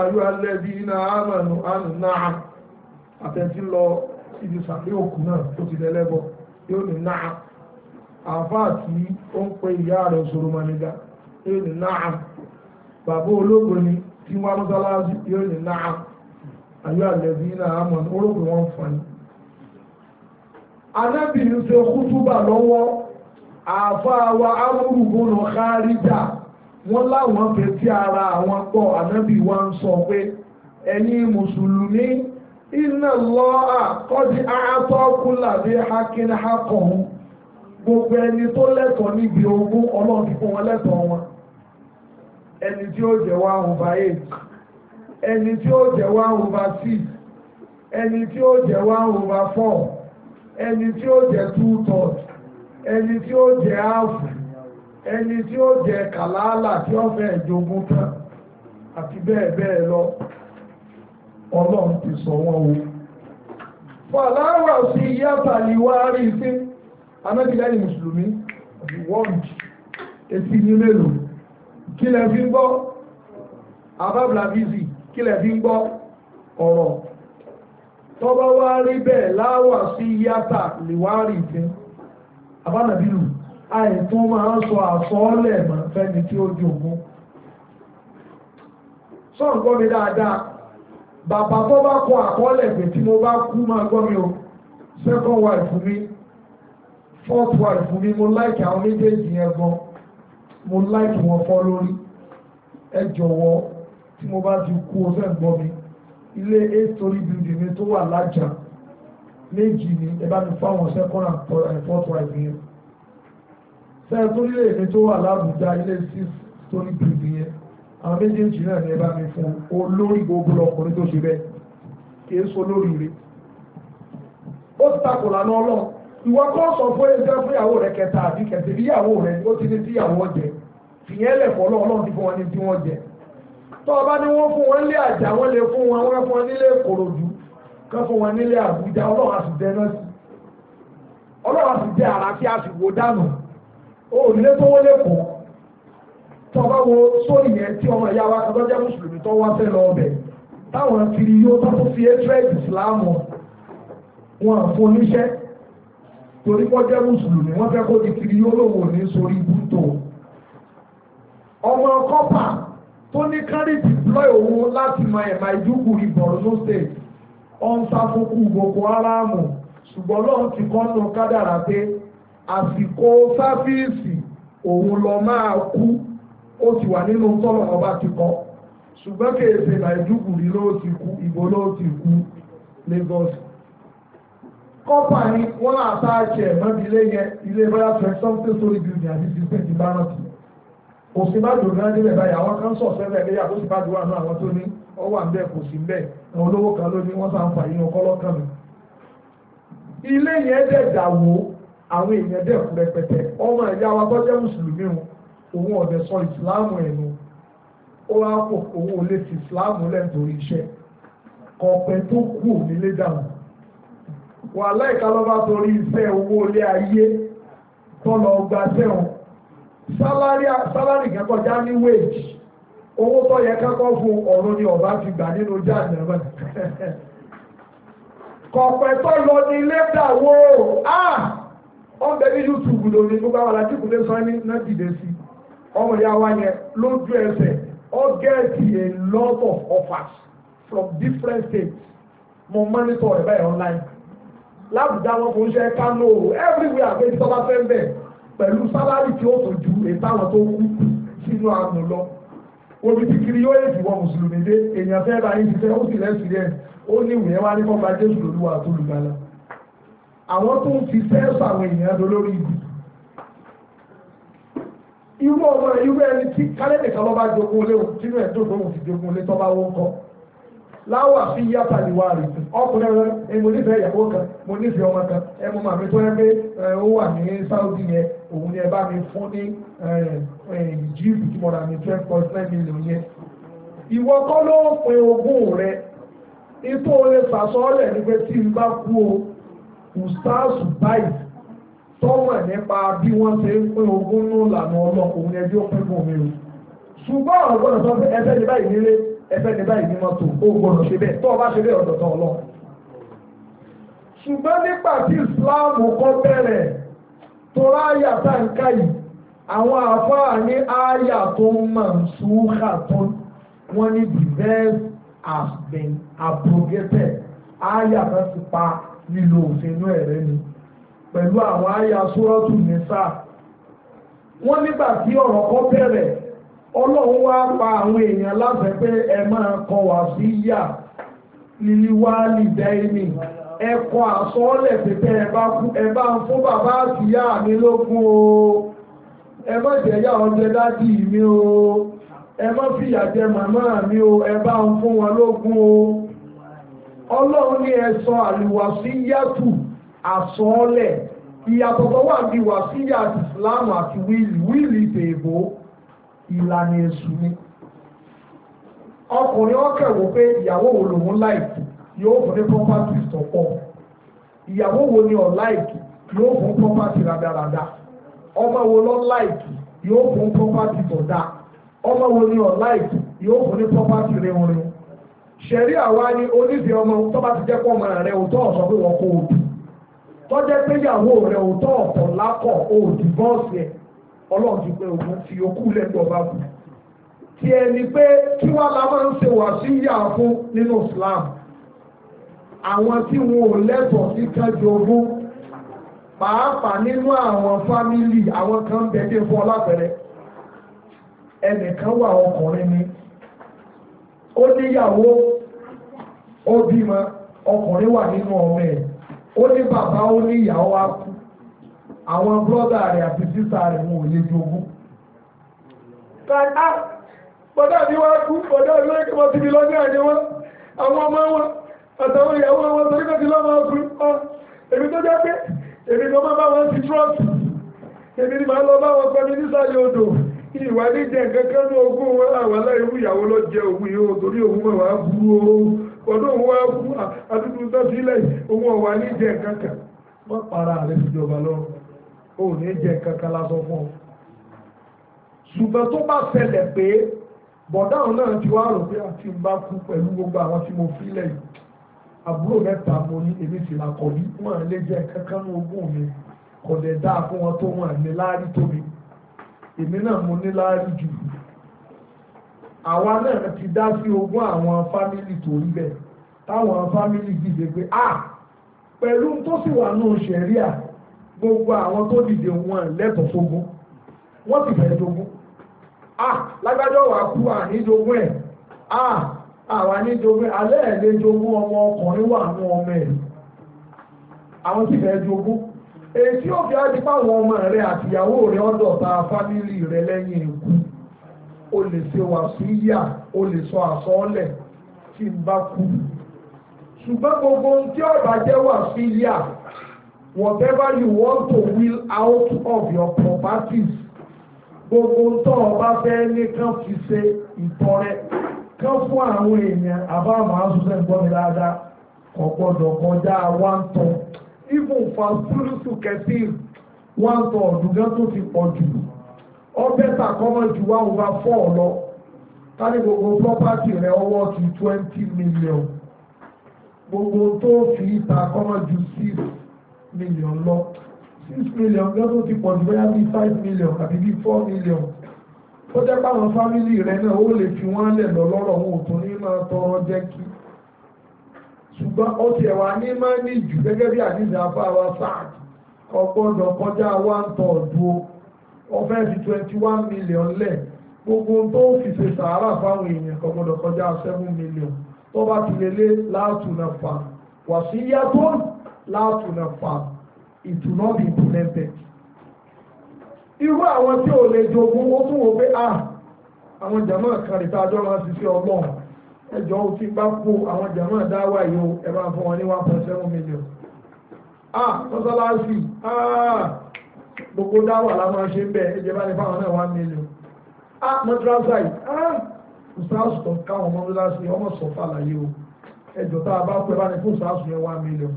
àyú àlẹ́bí na ámànú ànáà àtẹ̀tí lọ ibi sàlẹ̀ òkú náà tó ti lẹ́lẹ́bọ̀ yóò ní náà àfáà tí ó ń pe ìyá rẹ̀ sọ̀rọ̀ mọ̀nìgà yóò ní náà bàbá ológo ni tí wọ́n mọ́sálásí yóò ní náà ayọ́ àlẹ́bí náà àmọ́ orúkọ wọn fún ni. anábìrin ṣe kútúbà lọ́wọ́ àfáà wa amúrùbùnú kárìjà wọ́n láwọn fetí ara àwọn pọ̀ anábì wa ń sọ pé ẹ̀yin mùsùlùmí iná lọ́ọ́ àkọ́jú àátọ́kùnlà bí hakin gbogbo ẹni tó lẹ́tọ̀ọ́ níbi ogún ọlọ́run fún wọn lẹ́tọ̀ọ́ wọn ẹni tí ó jẹ́ wá over eight ẹni tí ó jẹ́ wá over six ẹni tí ó jẹ́ wá over four ẹni tí ó jẹ́ two third ẹni tí ó jẹ́ half ẹni tí ó jẹ́ kàlàálà tí ó fẹ́ jogún tán àti bẹ́ẹ̀ bẹ́ẹ̀ lọ ọlọ́run ti sọ wọ́n o. fàlàwà sí yàtàlíwárí sí. anábìlẹ̀ yìí mùsùlùmí wọ́ọ̀d etí ní mélòó kí lẹ fi ń gbọ́ abábìlàbíìsì kí lẹ fi ń gbọ́ ọ̀rọ̀ tọ́ba wá rí bẹ́ẹ̀ láwà sí yàtà lèwárì ìfẹ́ abánàbílù àìtún máa ń sọ àsọ́ọ́lẹ̀ mọ́ fẹ́ni tí ó jogún sọ́n gbọ́ mi dáadáa bàbá tó bá kọ àkọọ́lẹ̀ pé tí mo bá kú máa gbọ́ mi o second wife mi first wife mi mo like àwọn méjèèjì yẹn gan mo like wọn fọ́ lórí ẹ jọ̀wọ́ tí mo bá ti kú o fẹ́ gbọ́ mi ilé eight story building mi tó wà lájà méjì ni ẹ bá mi fáwọn second and eh, fourth wife yẹn sẹ́yìn tó nílé èmi tó wà lábùjá ilé six story building yẹn àwọn méjèèjì náà ni ẹ bá mi fún olórí gbogbo ọkùnrin tó ṣe bẹ́ẹ̀ kì í so lórí rẹ̀ ó ti takò lánàá ọlọ́run ìwọ kọ́ sọ fún ẹgbẹ́ fún ìyàwó rẹ kẹta àbí kẹsẹ̀ bí ìyàwó rẹ ó ti ní tí ìyàwó jẹ fìyẹn lẹ̀fọ́ ọlọ́run ti fún wọn ní tí wọ́n jẹ tó ọba ní wọ́n fún wọn lé àjà wọ́n lè fún wọn wọ́n fún wọn nílé Ìkòròdú kán fún wọn nílé Àbújá ọlọ́run àti jẹ náà sí ọlọ́run àti jẹ ara tí a sì wò dànù ó nílé tó wọlé pọ̀ tó ọba wo sórí yẹn tí ọmọ ìyá wa kan tó jẹ́ mùsùlùmí tó wá fẹ́ lọ ọbẹ̀ táwọn kiri yóò tó fi ẹ́ tírẹ́ẹ̀dì ìsìlámù wọn fún oníṣẹ́ torí kọ́ jẹ́ mùsùlùmí wọ́n fẹ́ kó di kiri olówó ní sórí bútó ọmọ kọ́pà tó ní kárí dìplọ́ì owó láti Maiduguri Borno state ọ̀n sáfokú Boko Haram ṣùgbọ́n lọ́n ti kọ́ nù kádàrà pé àsìkò sáfíìsì òun lọ máa kú ó ti wà nínú tọ́lọ̀ ọba ti kọ́ ṣùgbọ́n kèèṣe Maiduguri ló ti kú ìbò ló ti kú Lagos kọ́pà ni wọ́n náà tá a ṣe ẹ̀mọ́ bí ilé yẹn ilé báyà twenty something story building àti ti twenty balance òsì bá dùn náà nílẹ̀ báyìí àwọn kan sọ̀ sẹ́lẹ̀ ẹ̀yà tó sì bá dùn àná àwọn tó ní ọwọ́ àbẹ́ kò sí bẹ́ẹ̀ àwọn olówó kan ló ní wọ́n sá ń fà yín ọkọ́ lọ́kàn mi. ilé yẹn dẹ̀ dà wó àwọn èèyàn dẹ̀ kú rẹpẹtẹ ọmọ ẹ̀yà wa bọ́jẹ́ mùsùlùmí o òun ọ̀dẹ̀ sọ ìsìláàmù ẹ̀ nu ó wá pò òun ò lè fi ìsìláàmù lẹ̀ iṣẹ́ kọ̀ọ̀pẹ́ tó kú òun ilé dànù wà láìka lọ́ba torí iṣẹ́ owó ilé ayé tọ́lọ ọgbà sẹ́wọ̀n sálárì kẹ́kọ̀ọ́já ní wéèjì owó tó yẹ kẹ́kọ̀ọ́ fún ọ̀run ni ọba ti gbà nínú jáde náà kọ̀pẹ́ tó lọ ní lẹ́dà wo ọ́n bẹ ní youtube lónìí gbogbo àwọn alájùkú lè sọ ní náà dìde sí ọmọ ìyá wa yẹn lójú ẹsẹ̀ ó a lot of offers from different states mo monitor ẹ̀ báyìí online lábùjá wọn kò ń ṣe kánò everywhere àgbẹ̀ ìjọba fẹ́ ń bẹ̀ pẹ̀lú sálárì tí ó tó ju ìtàwọn tó kú sínú àmì lọ omi tí kiri yóò èsì wọ mùsùlùmí dé èèyàn fẹ́ bá yín ṣiṣẹ́ ó sì lẹ́sìn rẹ̀ ó ní ìwé wá ní kọ́ba jésù lóluwà tó lùgbàlà àwọn tó ń fi sẹ́ẹ̀sì àwọn èèyàn lọ lórí ìlú irú ọmọ irú ẹni tí kálẹ̀ nìkan lọ́ba jogún lé òun tínú ẹ̀ tó lóun fi jogún lé tọ́ba wọ́n kọ́ láwà fi yá pàdíwá rẹ̀ ọkùnrin rẹ̀ ẹ mo nífẹ̀ẹ́ ìyàwó kan mo nífẹ̀ẹ́ ọmọ kan ẹ mo màmí tó yẹ ó wà ní Saudi yẹn òun ni ẹ bá mi fún ní jíìpù tí mo rà ní twelve point nine million yẹn ìwọ kọ́ ló ń pin ogún rẹ̀ ipò olè sàsọ́ọ̀lẹ̀ ní pé tí n bá kú o ustaasu báyìí tọ́wọ̀ nípa bí wọ́n ṣe ń pín ogún ní ìlànà ọlọ́kùnrin ẹjọ́ pín fún mi o ṣùgbọ́n àwọn gbọ́dọ̀ ẹgbẹ́ ní báyìí ní mọ́tò ó gbọ́dọ̀ ṣe bẹ́ẹ̀ tó o bá ṣe bẹ́ẹ̀ ọ̀dọ̀ tán ọlọ́run. ṣùgbọ́n nígbà tí ìsìláàmù kọ́ bẹ̀rẹ̀ torá àyà tá ń ká yìí àwọn àfáà ní àyà tó ń mọ̀ ṣúkà tó wọ́n ní the best has been abrogated àyà kan ti pa lílo òfin inú ẹ̀rẹ́ ni pẹ̀lú àwọn àyà sórọ́tù nísà wọ́n nígbà tí ọ̀rọ̀ kọ́ bẹ̀rẹ̀ ọlọ́run wá pa àwọn èèyàn láfẹ́ pé ẹ máa kọ wà sí yà lílí wá lìdẹ́ ìní ẹ kọ àsọọ́lẹ̀ pípẹ́ ẹ bá ń fún bàbá àtìyá mi lógún o ẹ má jẹ́ yà ọjẹ́ dádì mi o ẹ má fìyà jẹ màmá mi o ẹ bá ń fún wọn lógún o ọlọ́run ní ẹ sọ àlùwà sí yàtù àsọọ́lẹ̀ ìyàtọ̀ tó wà ní yà àti ìsìláàmù àti wíìlì wíìlì ìtèèbó ìlànà èṣù ni ọkùnrin ọkẹ̀wò pé ìyàwó wo lòun láìkì yóò fún ní property tọ̀pọ̀ ìyàwó wo ni ọ̀láìkì yóò fún property radarada ọmọ wo lọ láìkì yóò fún property tọ̀dá ọmọ wo ni ọ̀láìkì yóò fún ní property rẹ̀wọ̀n ṣẹ̀rí àwa ni onífẹ̀ẹ́ ọmọ tó bá ti jẹ́ pọ̀ ọmọ rẹ̀ òótọ́ ọ̀sọ́ pé wọ́n kó o dùn tọ́jẹ́ pé ìyàwó rẹ̀ òótọ́ ọ̀tọ̀ lákọ̀ òdìbọ́ọ̀sì ẹ̀ ọlọ́run ti pé ogun tí ó kú lẹ́gbọ̀n bá kú tí ẹni pé kí wá la máa ń ṣe wà sí yà fún nínú Islam àwọn tí wọn ò lẹ́tọ̀ọ́ sí kájú ogún pàápàá nínú àwọn fámìlì àwọn kan bẹ dé fún ọlápẹrẹ ẹnìkan wà ọkùnrin ni ó níyàwó ó bímọ ọkùnrin wà nínú ọmọ ẹ̀ ó ní bàbá ó níyàwó á kú àwọn brọ́dà rẹ̀ àti sísà rẹ̀ wọn ò lè jogún. Ah, bọ́dà mi wá kú, bọ́dà mi lórí kọmọ síbi lọ́jọ́ ẹ̀yẹ wọn, àwọn ọmọ wọn, àtàwọn ìyàwó wọn torí kọ́ ti lọ́mọ ọkùnrin ọ́. Ah, èmi tó jẹ́ pé, èmi kan máa bá wọn ti trọ́ọ̀tù. Èmi ni màá lọ bá wọn pẹ́ mi nísàlẹ̀ odò. Ìwà ní jẹ nǹkan kan ní ogún wọn àwàlá ah, irú ìyàwó lọ jẹ òun yóò torí òun mọ̀ wá bú o. Ọdún òun wá bú àdúgbò tó sílẹ̀ òun ọ̀wà ní jẹ nǹkan Wọ́n para àlẹ́ ìjọba lọ́rùn ò ní jẹ kankan lásán fún ọ ṣùgbọ́n tó bá ṣẹlẹ̀ pé bọ̀dáhùn náà ti wá rò pé àti ń bá kú pẹ̀lú gbogbo àwọn tí mo fílẹ̀ yìí àbúrò mẹ́ta mo ní èmi sì làkọ̀ bí wọ́n lè jẹ kankan ní ogún mi kò dẹ̀ dáa fún wọn tó wọn ní láárí tóbi èmi náà mo ní láárí jù àwa náà ti dá sí ogún àwọn fámìlì tó rí bẹ́ẹ̀ táwọn fámìlì dìde pé a pẹ̀lú tó sì wà ní òṣèré à gbogbo àwọn tó dìde wọn lẹ́tọ̀ sógún wọ́n sì fẹ́ jogún ah lágbájọ́ wà kú àníjogún ẹ̀ ah àwa níjogún alẹ́ ẹ̀ lè jogún ọmọ ọkùnrin wà ní ọmọ ẹ̀ àwọn sì fẹ́ jogún èyí tí ó fi ájípá àwọn ọmọ rẹ àtìyàwó rẹ ọ̀dọ̀ ta fámìlì rẹ lẹ́yìn ikú o lè ṣe wà sí yà o lè sọ àsọọ́lẹ̀ tí n bá kú ṣùgbọ́n gbogbo ohun tí ọ̀bà jẹ́ wà sí yà whatever you want to will out of your properties gbogbo tó o bá fẹ́ ní kán fi ṣe ìtọrẹ kán fún àwọn èèyàn àbáwọn asúnṣe ń gbọ́ mi dáadáa kò gbọ́dọ̀ kọjá one ton even fasurusu kẹsìn one ton ọ̀dùnkán tó ti pọ̀ jù ọbẹ̀ tàkọ́mọ́ ju one over four lọ tani gbogbo property rẹ̀ ọwọ́ ti twenty million gbogbo tó fi ìta kọ́mọ́ ju six million lọ six million lọ́dún ti pọ̀ jù bóyá bíi five million àbí bíi four million tó jẹ́ báwọn fámìlì rẹ náà ó lè fi wọ́n lẹ̀ lọ lọ́rọ̀ wọn ò tún ní máa tọrọ jẹ́ kí ṣùgbọ́n ó ti ẹ̀wà ní máa ní jù gẹ́gẹ́ bí àdíjà bá wa sáàkì ọgbọ́dọ̀ kọjá one third o ọfẹ́ fi twenty one million lẹ̀ gbogbo tó fi ṣe sàárà fáwọn èèyàn ọgbọ́dọ̀ kọjá seven million tó bá ti lélẹ̀ láàtúnà fà wàsíyá tó ń látùnàfà it will not be implemented. irú àwọn tí ò lè jogún ó tún wò pé a ah, àwọn jàmáà kan lè ta àjọ máa ṣiṣẹ́ ọlọ́run ẹjọ́ ó ti bá kú àwọn jàmáà dáwà yìí ó ẹ máa fún wọn ní one point seven million. a ah, mọ́sálásì a ah, gbogbo dáwà la máa ṣe ń bẹ̀ ẹjẹ bá ní fáwọn náà one million. a mọ́sálásì Ah, ìsáàsù tó ń káwọn mọ́sálásì ọmọ sọ̀fà láyé o ẹjọ́ tá a bá pẹ́ bá ní fún ìsáàsù yẹn one million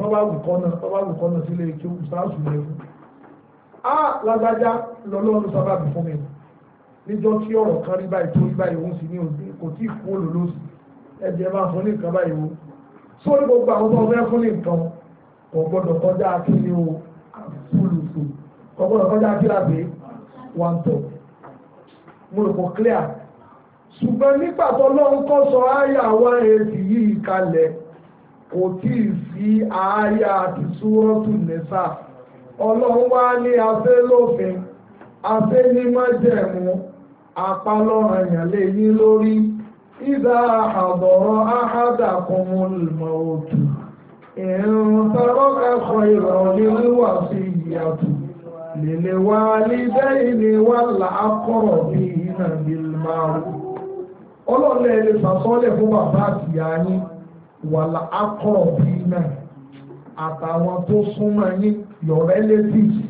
tọ́wá wùkọ́nà tọ́wá wùkọ́nà sílé kí ó sáàsù rẹ̀ fún. a lágbájá lọ́lọ́run sábà bì fún mi níjọ́ tí ọ̀rọ̀ kan rí báyìí tó rí báyìí òun sì ní òbí kò tí ì kú olólóòsì ẹ̀jẹ̀ máa fún ní nǹkan báyìí o sórí gbogbo àwọn tó fẹ́ fún ní nǹkan kò gbọ́dọ̀ kọjá akíní o àfúlùfù kò gbọ́dọ̀ kọjá akíní àbí one top mo rò pọ̀ clear ṣùgbọ́n nígbà tó lọ́nkọ́ sọ áyà one eighty yìí kalẹ̀ kò tí ì sí àáyá àti súrọ́tù nẹ́sà ọlọ́run wá ní afẹ́ lófin afẹ́ ní májẹ̀mú apálọ́ràn yàn lè yí lórí ìdá àbọ̀rọ̀ áhádàkùnmùn ìmọ̀ òtù ìrùn tọ́lọ́kẹ́kọ̀ọ́ ìrọ̀lẹ́ wíwà sí ìyàtù lèlè wá líbẹ́ ìlè wà láàkọ̀rọ̀ bí ìnàbí máa rú ọlọ́lẹ̀ lè sàsọ́lẹ̀ fún bàbá àtìyá yín wàlà akọ̀ọ̀bí náà àtàwọn tó súnmọ́ yín your relatives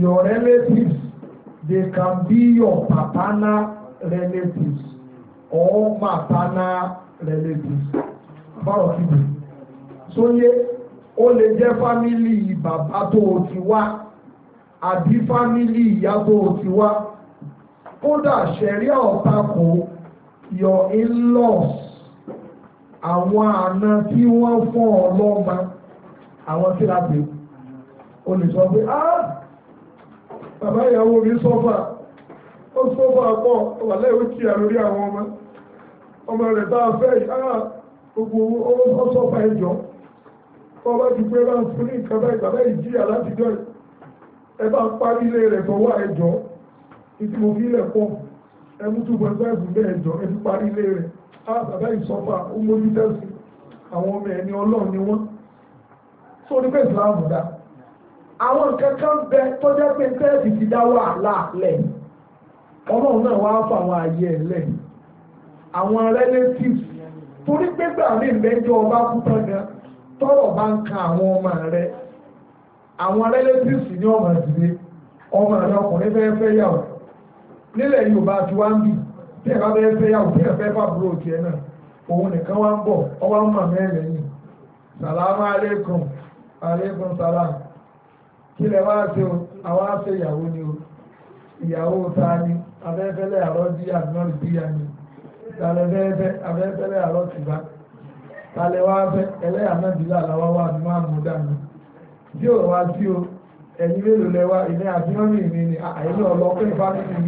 your relatives they can be your paternal relatives or maternal relatives báwo ti dùn sóyè ó lè jẹ́ fámìlì bàbá tó o ti wá àbí fámìlì ìyá tó o ti wá kódà ṣẹ̀ríà ọ̀tako your in-laws àwọn àna tí wọ́n fún ọ lọ́mọ àwọn tí a pè ó lè sọ pé á ah, bàbá ìyàwó mi sọ́fà ó sọ́fà pọ̀ wà lẹ́yìn ó jìyà lórí àwọn ọmọ ọmọ rẹ̀ bá fẹ́ á ah, gbogbo owó sọ́fà ẹjọ́ ọba ti pé bá ń fún ní nǹkan báyìí bàbá ìjìyà láti jọ ẹ bá parí ilé rẹ̀ fọwọ́ ẹjọ́ ìtìmọ̀ fi ilẹ̀ pọ̀ ẹmú túbọ̀ ẹgbẹ́ ẹ̀bùn bẹ́ẹ̀ jọ ẹ ti parí ilé rẹ̀ bàbá ìsọ́fà ọmọdútẹ́sì àwọn ọmọ ẹni ọlọ́run ni wọ́n tó ní pé ìsìláàmù dá àwọn kankan bẹ tó jẹ́ pé tẹ́ẹ̀sì ti dá wàhálà lẹ̀ ọlọ́run náà wá fà àwọn ààyè ẹ̀ lẹ̀ àwọn relatives torí pé gbà mí ìgbẹ́jọ ọba púpọ̀ gan tọrọ bá ń kan àwọn ọmọ rẹ àwọn relatives ní ọmọ ìdílé ọmọ rẹ ọkùnrin fẹ́ fẹ́ yàwó nílẹ̀ Yorùbá ti wá ń bì tí a bá bẹ́ẹ̀ fẹ́ yàwó tí ẹ̀ fẹ́ bá búrò tiẹ̀ náà òun nìkan wá ń bọ̀ ọwọ́ ń mọ̀ mẹ́rin yìí sàlámà salam kí lè wá o àwa ṣe ìyàwó ni o ìyàwó ta ni abẹ́fẹ́lẹ́ àrọ́ bí ya ni abẹ́fẹ́lẹ́ ti bá wá fẹ́ ẹlẹ́yà náà bí wà ní máa mú dání bí ò wá sí o ẹ̀yin mélòó ni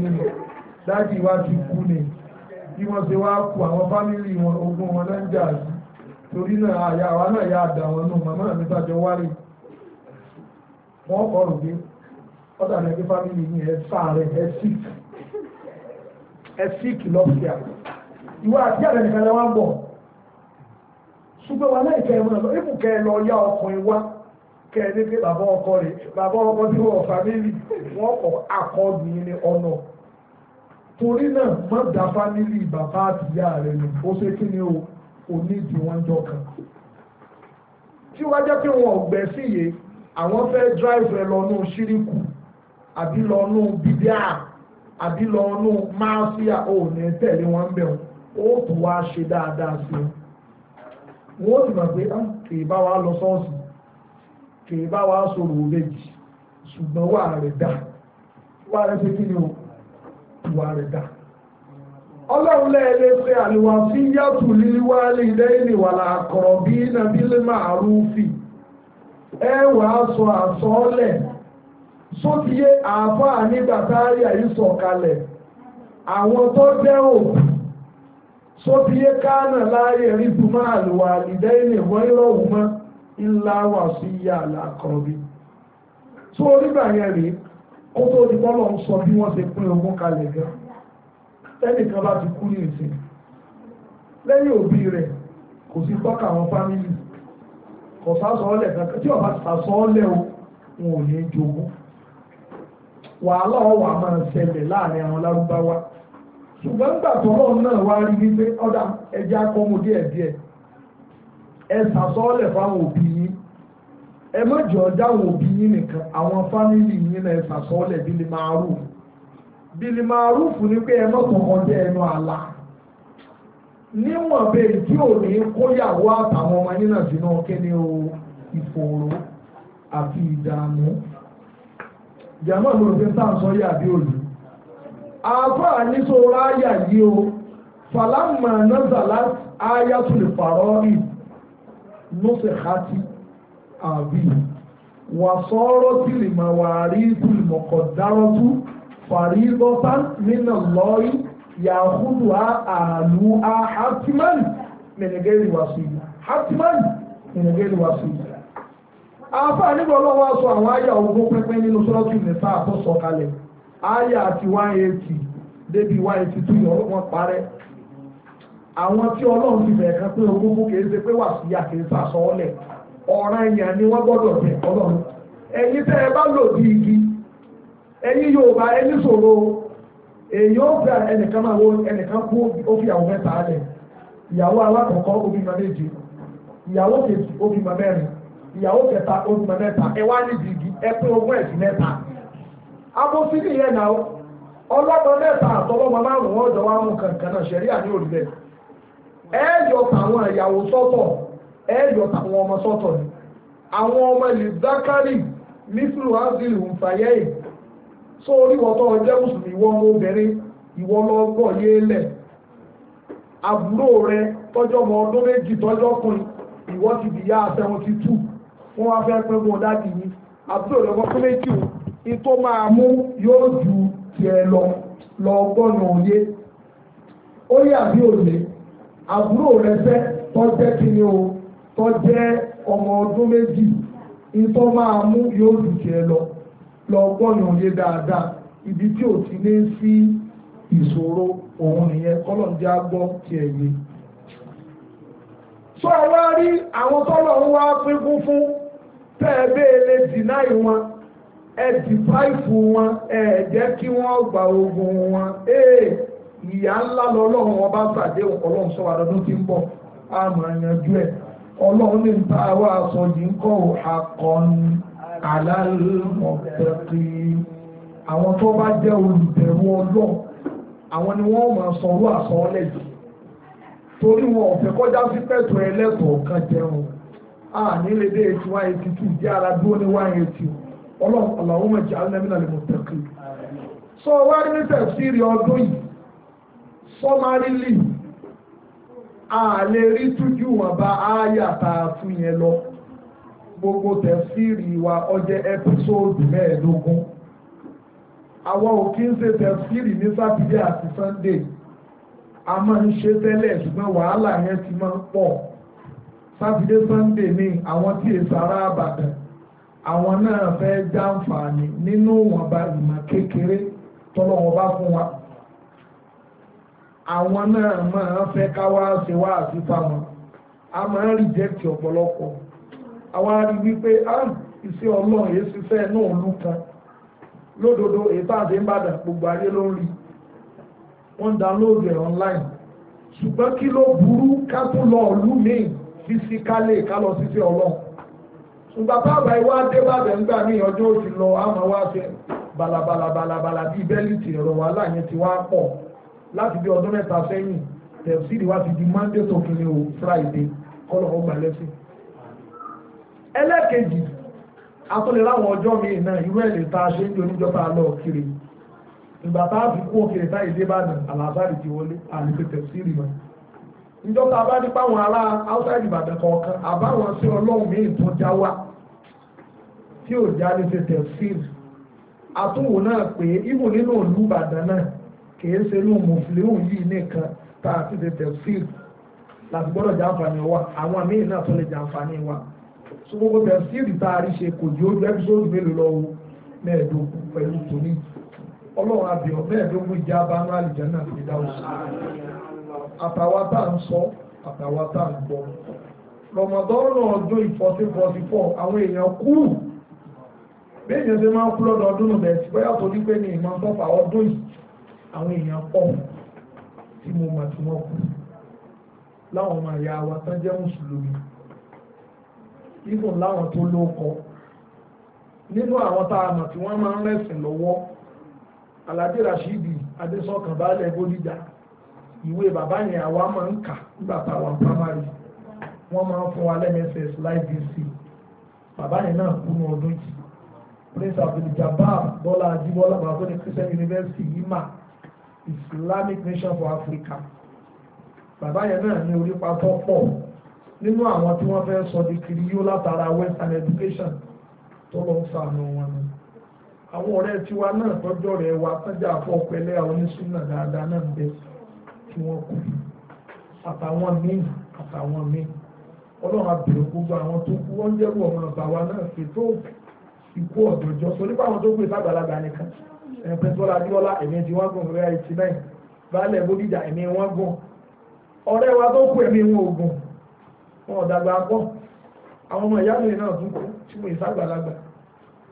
ni. dájì wá ti kú ni bí wọ́n ṣe wá kú àwọn fámìlì wọn ogún wọn náà ń jà sí torí náà àyà àwa náà yà dà wọn nù màmá mi tàjọ wárì wọ́n kọ́ rò pé ọ̀dà ní ẹgbẹ́ fámìlì yìí ẹ sáré ẹ sick ẹ sick lọ́fíà ìwọ àti àrẹ nìkan lẹ́wọ́ ń bọ̀ ṣùgbọ́n wa náà ìkẹyìn náà ibù kẹ lọ yá ọkùnrin wá kẹ ní pé bàbá ọkọ rẹ bàbá ọkọ tí wọ́n fámìlì wọ́n kọ́ akọ́ọ̀dù yìí ní ọ̀nà torí náà má da fámìlì bàbá àtìyá rẹ̀ nù ó ṣe kí ni o onídìí wọn jọ kan tí wọ́n jẹ́ pé wọn ò gbẹ̀sìn yìí àwọn fẹ́ drive rẹ̀ lọ́nú ṣíríkù àbí lọ́nú bíbíà àbí lọ́nú máàsíà ò ní tẹ̀lé wọn bẹ̀rù ó tún wá ṣe dáadáa sí i wọ́n sì mọ̀ pé ah, kì í bá wa lọ sọ́ọ̀sì kì í bá wa sọ̀rọ̀ òbejì ṣùgbọ́n wà rẹ̀ dà wà rẹ̀ ṣe kí ni o ìwà rẹ̀ dà pé àlùwà sí yàtù líliwálé lẹ́yìn wà láàkọ̀rọ̀ bí nàbí lè máa rú fi ẹ wàá sọ àsọọ́lẹ̀ sótìyé àáfàá nígbà táyà yìí sọ̀kalẹ̀ àwọn tó jẹ́ òkú sótìyé kánà láàyè rí tùmọ̀ àlùwà ìdẹ́yìn wọ́n ìrọ̀wùmọ́ ńlá wà sí yà láàkọ̀rọ̀ bí. tó yẹn rèé ó tó di bọ́lọ̀ ń sọ bí wọ́n ṣe pín ogún kalẹ̀ gan tẹ́nìkan bá ti kú ní ìsìn lẹ́yìn òbí rẹ̀ kò sí tọ́ka àwọn fámìlì kò sásọ́ọ́lẹ̀ kankan tí ọba sásọ́ọ́lẹ̀ o wọn ò ní jogún wàhálà ọwà máa ṣẹlẹ̀ láàrin àwọn lárúbáwá ṣùgbọ́n nígbà tọ́lọ́ náà wá rí wípé ọ̀dà ẹja kọ́mu díẹ̀ díẹ̀ ẹ sásọ́ọ́lẹ̀ fáwọn òbí ẹ má jọ dáwọn òbí yín nìkan àwọn fámìlì yín náà ṣàsọ́ọ́lẹ̀ bíi lè máa rù bíi máa rù fún ni pé ẹ má kọ̀ọ̀kan dé ẹnu àlà níwọ̀n bẹ́ẹ̀ tí ò ní kóyàwó àtàwọn ọmọ yín náà sínú kíni o ìfòòró àti ìdààmú jàmọ́ ló fi sáà sọ yà bí òlù àfáà ní àyà yìí o fàlámà náà zàlá àyà tó lè pàrọ́ rí ló sì há àbí wàsọ́rọ́ tìlìmọ̀ wàárí tìlìmọ̀kọ̀dárọ́tú fàrídọ́tà nínà lọ́rí yàhùdù àlù àhátìmánì mẹ̀nẹ̀gẹ́rì wàsíyà hátìmánì mẹ̀nẹ̀gẹ́rì wàsíyà. afa nígbà lọ́wọ́ aṣọ àwọn àyà ogún pínpín nínú sọ́ọ̀tù nìta àtọ́sọ kalẹ̀ àyà àti one eighty débi one eighty two yọ̀ wọ́n parẹ́ àwọn tí ọlọ́run ti bẹ̀ẹ̀ kan pé ogún kò kéé ṣe pé wàsíyà kéé sàṣọ́ọ́lẹ̀ ọ̀ràn èèyàn ni wọ́n gbọ́dọ̀ ọlọ́run tẹ́ ẹ bá lò bí igi yóò Yorùbá ẹni sòro èyí ó fẹ́ wo ẹnìkan kú ó fi àwọn mẹ́ta alẹ̀ ìyàwó alákọ̀ọ́kọ́ obi bímọ méje ìyàwó kejì obi bímọ mẹ́rin ìyàwó kẹta obi bímọ mẹ́ta ẹ wá níbi igi ẹ pé ogún ẹ̀sìn mẹ́ta ọlọ́mọ mẹ́ta márùn-ún wa mú kankan náà ẹ̀yọ̀ tàwọn ọmọ sọ́tọ̀ ni àwọn ọmọ ilẹ̀ zakari nífìlú ásìlì ń fàyẹ́ ẹ̀ só orí ọjẹ́ mùsùlùmí ọmọ obìnrin ìwọ lọ́gbọ̀ yéélẹ̀ àbúrò rẹ tọ́jọ́ ọmọ ọdún méjì ya two wọ́n wá fẹ́ o ìtò máa mú yóò ju tiẹ̀ lọ ó yà bí àbúrò rẹ fẹ́ tọ́jẹ́ o. tó jẹ́ ọmọ ọdún méjì nítọ́ máa mú yóò lọ lọ gbọ́yàn ibi tí ò ti ní sí ìṣòro òun nìyẹn kọ́lọ̀dé agbọ́ ti ẹ̀yẹ. sọ wá rí àwọn tọ́lọ̀ ń wá pín fún dìnáì wọn wọn gba wọn ee ìyá ńlá lọ́lọ́run ọba ṣàdéhùn ọlọ́run sọ tí ń bọ̀ ẹ̀ ọlọ́run ní bá wà sọ yìí kọ́ àkọni aláàlùmọ̀tẹ́kì àwọn tó bá jẹ́ olùbẹ̀rù ọlọ́run àwọn ni wọ́n máa sanwó àsanwọ́lẹ̀ yìí torí wọn ọ̀fẹ́ kọjá sí pẹ̀tọ̀ ẹlẹ́tọ̀ọ́ kan jẹun a nílé dé eighty one eighty two jẹ́ ara dúró ní one eighty ọlọ́run ọ̀làwọ́n mọ̀ jẹ́ alẹ́mìnà lè mọ̀tẹ́kì sọ wá ní tẹ̀síìrì ọdún yìí sọmarìlì yìí a lè rí tújú wọn bá áyàtà fún yẹn lọ gbogbo tẹ̀síìrì wa ọjẹ́ ẹ́písòòdù mẹ́ẹ̀ẹ́dógún àwọn ò kí ń ṣe tẹ̀síìrì ní sátidé àti sannde a máa ń ṣe tẹ́lẹ̀ ṣùgbọ́n wàhálà yẹn ti máa ń pọ̀ sátidé sannde ní àwọn tí èsì ará àbàdàn àwọn náà fẹ́ jàǹfààní nínú ìwọ̀nba ìmọ̀ kékeré tọ́lọ́wọ́n bá fún wa àwọn náà máa fẹ́ ká wá ṣe wá àti fáwọn a máa ọ̀pọ̀lọpọ̀ àwọn arí wípé a ah, ọlọ́run yìí ṣiṣẹ́ náà kan lódodo gbogbo ayé ló ń rí wọ́n download ẹ̀ online ṣùgbọ́n kí ló burú ká tún lọ ọ̀lú míì fisikálè ká lọ ṣiṣẹ́ ọlọ́run ṣùgbọ́n bàbá ìwà adébàdàn gbà ní ọjọ́ òsì lọ àmọ́ wá láti bí ọdún mẹ́ta sẹ́yìn tẹ̀síìrì wá ti di monday o friday kọ́lọ̀ ọgbà lẹ́sìn. ẹlẹ́kejì atúlẹ̀ ọjọ́ míì náà irú ẹ̀ lè ta ṣe ń di oníjọba lọ kiri ìgbà tá a fi kú òkèrè táyé dé bá ti wọlé mọ́. ìjọba bá nípa àwọn ará outside ìbàdàn kọ̀ọ̀kan àbáwọn sí ọlọ́run tó já wá tí ò já ṣe kìí ṣe ló mùsùlùmí yìí nìkan tá a ti tètè fíl láti gbọ́dọ̀ jẹ́ àǹfààní wa àwọn míì náà tó lè jẹ́ àǹfààní wa so gbogbo tẹ̀síìlì tá a rí ṣe kò jí ojú ẹ́písọ́ọ̀dù mélòó lọ́wọ́ mẹ́ẹ̀ẹ́dógún pẹ̀lú tòní ọlọ́run àbíọ̀ mẹ́ẹ̀ẹ́dógún ìjà bá ń rálì jẹ́nà fi dáhùn àtàwa tá à ń sọ àtàwa tá à ń gbọ́ rọmọdọ́rùn ọdún fourteen forty four àwọn èèyàn kú bẹ́ẹ̀ yẹn ṣe máa ń kú lọ́dọọdún bẹ̀ẹ́ sí bóyá torí pé ní ìmọ̀ sọ́fà ọdún yìí àwọn èèyàn pọ̀ tí mo mọ̀ tí wọ́n kú láwọn ọmọ àyà wa tán jẹ́ mùsùlùmí ibùn láwọn tó lóko nínú àwọn tá a mọ̀ tí wọ́n máa ń rẹ̀sìn lọ́wọ́ aládé rashidi adésọkàn baálẹ̀ bódìjà ìwé bàbá yẹn àwa máa ń kà nígbà táwọn pàmárì wọ́n máa ń fún wa lẹ́mẹsẹ̀s láì bí sí i bàbá yẹn náà kú ní ọdún yìí prince abdul jabbar bọ́lá adébọ́lá bàbá tó ní christian university yìí máa Islamic Nation for Africa bàbá yẹn náà ní orípa tó pọ̀ nínú àwọn tí wọ́n fẹ́ sọ di kiri látara Western education tó lọ ń sànù wọn ni àwọn ọ̀rẹ́ tiwa náà tọ́jọ́ rẹ̀ wá sọ́jà fọ́pẹ́lẹ́ oníṣúná dáadáa náà ń bẹ tí wọ́n kú àtàwọn míì àtàwọn míì ọlọ́run àbẹ̀rẹ̀ gbogbo àwọn tó kú wọ́n jẹ́rù ọmọ àbáwa náà ṣètò ìkú ọ̀dọ́jọ́ torí pé àwọn tó gbé sábàlagbà nìkan pẹ̀sọ́lá adéọlá ẹ̀mí tí wọ́n gùn rẹ̀ eighty nine baálẹ̀ bódìjà ẹ̀mí wọ́n gùn ọ̀rẹ́ wa tó kú ẹ̀mí wọn ò wọn ò dàgbà àwọn ọmọ ìyá mi náà tún kú tí mo ìsàgbàlagbà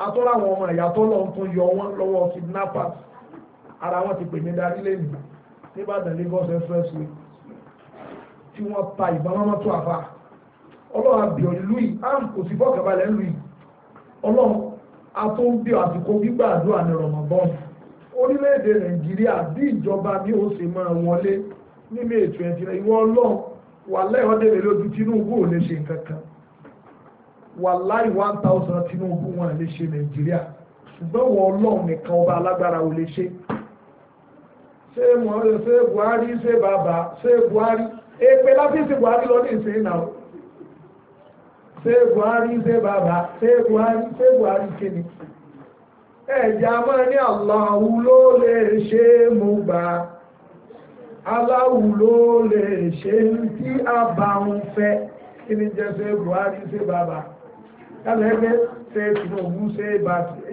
atọ́lá àwọn ọmọ ìyá tó lọ tún yọ wọn lọ́wọ́ kidnappers ara wọn ti pè mí darí lẹ́nu nìbàdàn Lagos expressway tí wọ́n pa ìbọn wọn mọ́tò àfà ọlọ́run àbíọ̀ ìlú yìí kò sí fọ́ọ̀kẹ́balẹ̀ ìlú yìí ọlọ́run a bí àsìkò gbígbà àdúrà ní rọ̀mọ̀bọ́ọ̀nù orílẹ̀-èdè nàìjíríà bí ìjọba ní ó sì máa wọlé nílé ètò ẹ̀jìnà ìwọ ọlọ́run wà láì ọdẹ rẹ lójú tinubu ò lè ṣe nǹkan kan wà láì one thousand tinubu wọn lè ṣe nàìjíríà ṣùgbọ́n wọn ọlọ́run nìkan ọba alágbára ò lè ṣe ṣé wọn ṣe buhari ṣe bàbá ṣe buhari èpè láti ṣe buhari lọ ní ìsìn náà ṣe buhari ṣe bàbá ṣe buhari ṣe buhari kéde ẹ̀já máa ní aláwù ló lè ṣe mú aláwù ló lè ṣe tí a bá ń fẹ́ kí ni jẹ́ Buhari ṣe bàbá kálẹ̀ ẹgbẹ́ ṣe ṣe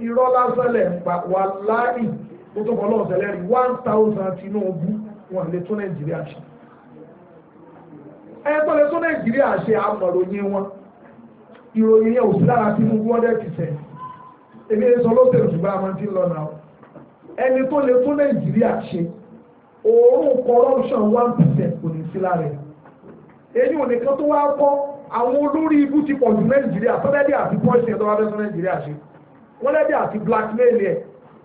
irọ́ lásán pa wà láì ó tó kọ́ rí one thousand wọn lè tún Nàìjíríà ṣe lè Tinubu èmi èso lóṣèlú ṣùgbọ́n àwọn tí ń lọ náà ẹni tó lè tún nàìjíríà ṣe òórùn corruption one percent kò ní sí lára ẹ̀ èyí ò nìkan tó wá kọ́ àwọn olórí ibú ti pọ̀ ju nàìjíríà sọ́dẹ́dẹ́ àti pọ́ìsì ẹ̀dọ́ abẹ́sọ nàìjíríà ṣe wọ́n lẹ́dẹ́ àti blackmail ẹ̀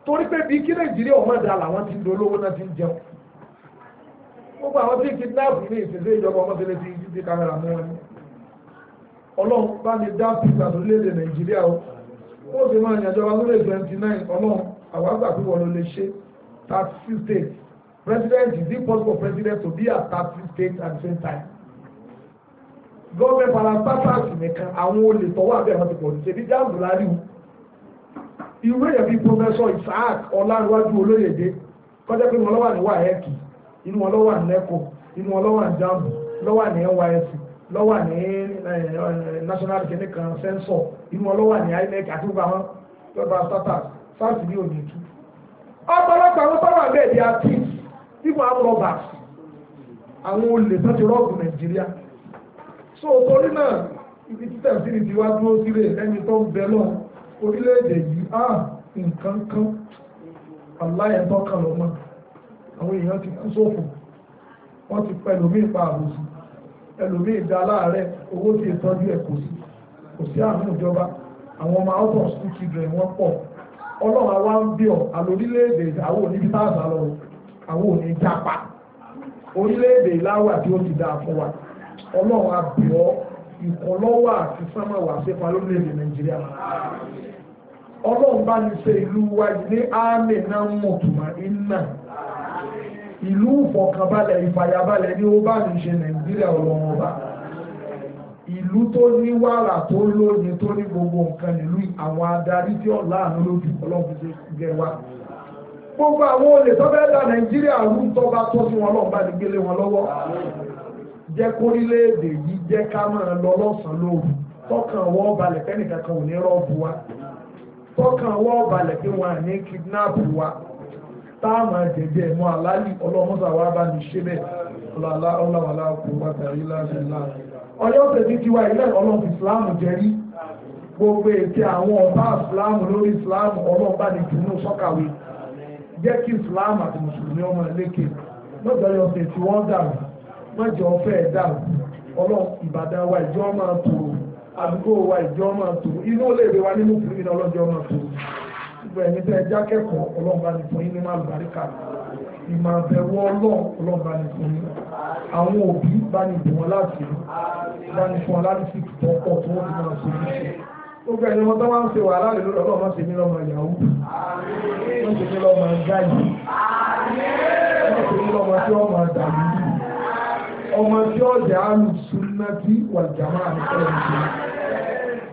torí pé bí kí nàìjíríà ọmọ ẹ̀dá làwọn ti ń olówó náà ti ń jẹun gbogbo àwọn tí kidnap ní ìsinsìn ìjọba ọmọ tẹ́lẹ̀ ti ti kámẹ́rà mú wọn ọlọ́run bá mi dá pípa lórílẹ̀-èdè nàìjíríà o ó sì máa yànjọba lórí twenty nine ọlọ́run àwọn àgbà pé wọ́n ló lè ṣe thirty six states president is it possible president to be at thirty six states at the same time gọ́ọ̀mẹ̀ parastatals nìkan àwọn olè tọ́wọ́ àbẹ́ àwọn ti pọ̀ ní ṣebí jáàmù láríwú ìwé yẹn bí professor Isaac Ọlárúwájú Olóyèdé kọjá pé wọn lọ́wọ́ àníwá ẹ̀kì inú wọn lọ́wọ́ ànílẹ́kọ̀ọ́ inú wọn lọ́wọ́ àníjàmù lọ́wọ́ àníyàn wáyẹ̀sì lọ́wà ní eh, national kìnnì kan sẹ́ńsọ̀ inú ní inec àti gbogbo àwọn ní òní tú. ọ̀pọ̀lọpọ̀ àwọn tó wà di ibu àwọn olè ti nàìjíríà. so torí náà ibi títà sí ibi wá dúró sílẹ̀ ẹni tó ń bẹ lọ ah, kan kan àwọn èèyàn ti kú sófò ti ẹlòmí ìdá ịda owó tí ìtọ́jú ẹ̀ kò sí kò sí àánú ìjọba àwọn ọmọ out of school children wọ́n pọ̀ ọlọ́run àwa ń bí ọ àlórílẹ̀-èdè àwọn oníbi táàbà lọ àwọn òní jápa orílẹ̀-èdè tí ó ti dáa fún wa ọlọ́run ìkọlọ́wà àti sámàwà ìlú ìfọ̀kànbalẹ̀ ìfàyàbalẹ̀ ní ó bá ní ṣe nàìjíríà ọlọ́wọ́n ọba ìlú tó ní wàrà tó lóye tó ní gbogbo nǹkan nílùú àwọn adarí tí ọ̀la àánú lójú ọlọ́run ṣe gẹ̀ wá gbogbo àwọn olè tó fẹ́ da nàìjíríà rú tó bá tó sí wọn lọ́wọ́ bá ní gbélé wọn lọ́wọ́ jẹ́ kórílẹ̀-èdè yìí jẹ́ ká máa lọ lọ́sàn lóru tọkàn wọ́n balẹ̀ fẹ́nìkankan ò ní rọ́ọ̀bù wa tọkàn wọ́n balẹ̀ pé wọn à ní kidnap wa táàmà jẹjẹ ẹ̀mọ́ aláàlì ọlọ́mọ́sà wà bá ní ṣe bẹ́ẹ̀ ọlọ́wàlá kò bá tàrí láti láà ọjọ́ tẹ̀sí tiwa ilẹ̀ ọlọ́run fi ìsìláàmù jẹrí gbogbo ètè àwọn ọba ìsìláàmù lórí ìsìláàmù ọlọ́run bá ní jùlọ sọ́kàwé jẹ́ kí ìsìláàmù àti mùsùlùmí ọmọ ẹlẹ́kẹ lọ́jọ́ ọ̀sẹ̀ tí wọ́n dàrú mọ́jọ ọ̀fẹ́ dàrú ọlọ́run wa ìjọ máa tòrò àdúgbò wa ìjọ gbogbo ẹni tẹ́ ẹ jákẹ́kọ̀ọ́ ọlọ́ọ̀bá ní fún yín ní máa lùbáríkà ìmọ̀ àbẹ̀wò ọlọ́ọ̀ ọlọ́ọ̀bá ní fún yín àwọn òbí bá ní bù wọn láti bá ní fún wọn láti fi tọ́ ọkọ̀ tó wọ́n ti máa sọ ní ṣe gbogbo ẹni wọn tó máa ń ṣe wàhálà lè lórí ọlọ́ọ̀ má ṣe mí lọ́mọ ìyàwó má ṣe mí lọ́mọ gáyì má ṣe mí lọ́mọ tí wọ́n máa dàbí ọmọ tí ọ̀jà alùsùn náà tí wàjà máa ń sọ̀rọ̀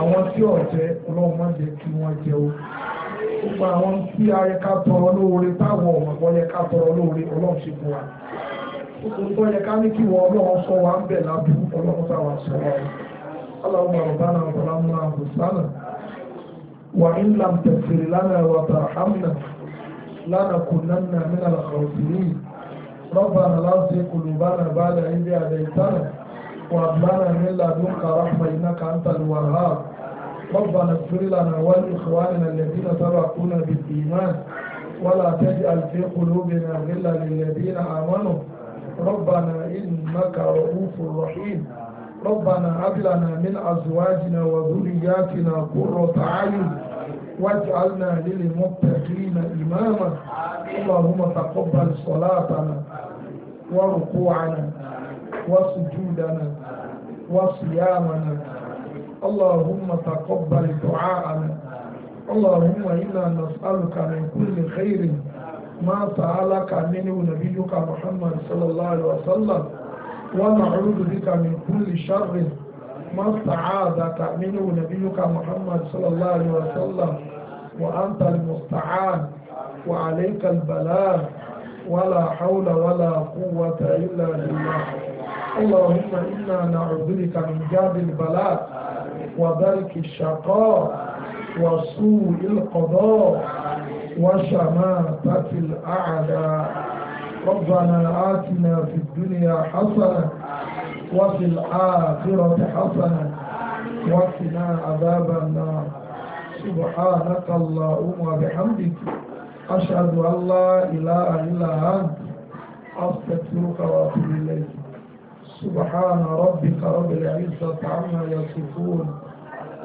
àwọn tí ò jẹ ọlọ́mọ jẹ kí wọ́n jẹ o gbogbo àwọn tí a yẹ ká tọrọ lóore táwọn ọmọ yẹ ká tọrọ lóore ọlọ́run ṣe fún wa gbogbo yẹ ká ní kí wọ́n ọlọ́run sọ wa ń bẹ̀ lábú ọlọ́run sọ wa wà ń lánàá lánàá kò nánà mí ربنا لنا من لدنك رحمة إنك أنت الوهاب ربنا اغفر لنا ولإخواننا الذين سبقونا بالإيمان ولا تجعل في قلوبنا غلا للذين آمنوا ربنا إنك رؤوف رحيم ربنا هب لنا من أزواجنا وذرياتنا قرة أعين واجعلنا للمتقين إماما اللهم تقبل صلاتنا وركوعنا وسجودنا وصيامنا اللهم تقبل دعاءنا اللهم إنا نسألك من كل خير ما سألك منه نبيك محمد صلى الله عليه وسلم ونعوذ بك من كل شر ما استعاذك منه نبيك محمد صلى الله عليه وسلم وأنت المستعان وعليك البلاغ ولا حول ولا قوة إلا بالله اللهم إنا نعوذ بك من جاد البلاء ودرك الشقاء وسوء القضاء وشماتة الأعداء ربنا آتنا في الدنيا حسنة وفي الآخرة حسنة وقنا عذاب النار سبحانك اللهم وبحمدك أشهد أن لا إله إلا أنت أستغفرك وأتوب إليك سبحان ربك رب العزة عما يصفون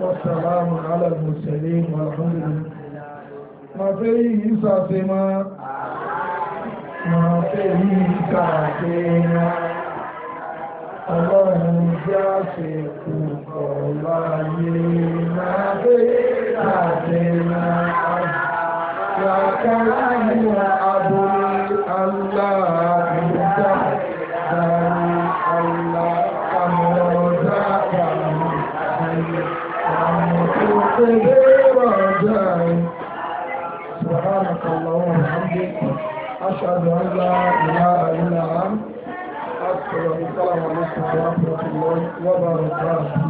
والسلام على المرسلين والحمد لله ما فيه ساسما ما فيه ساسما
Ọlọ́run já ṣe kúkọ̀ láyé máa gbé àti máa àjàkálá ìwà abúlé aláà. لا إله إلا أنت
أستغفرك ورحمة الله وبركاته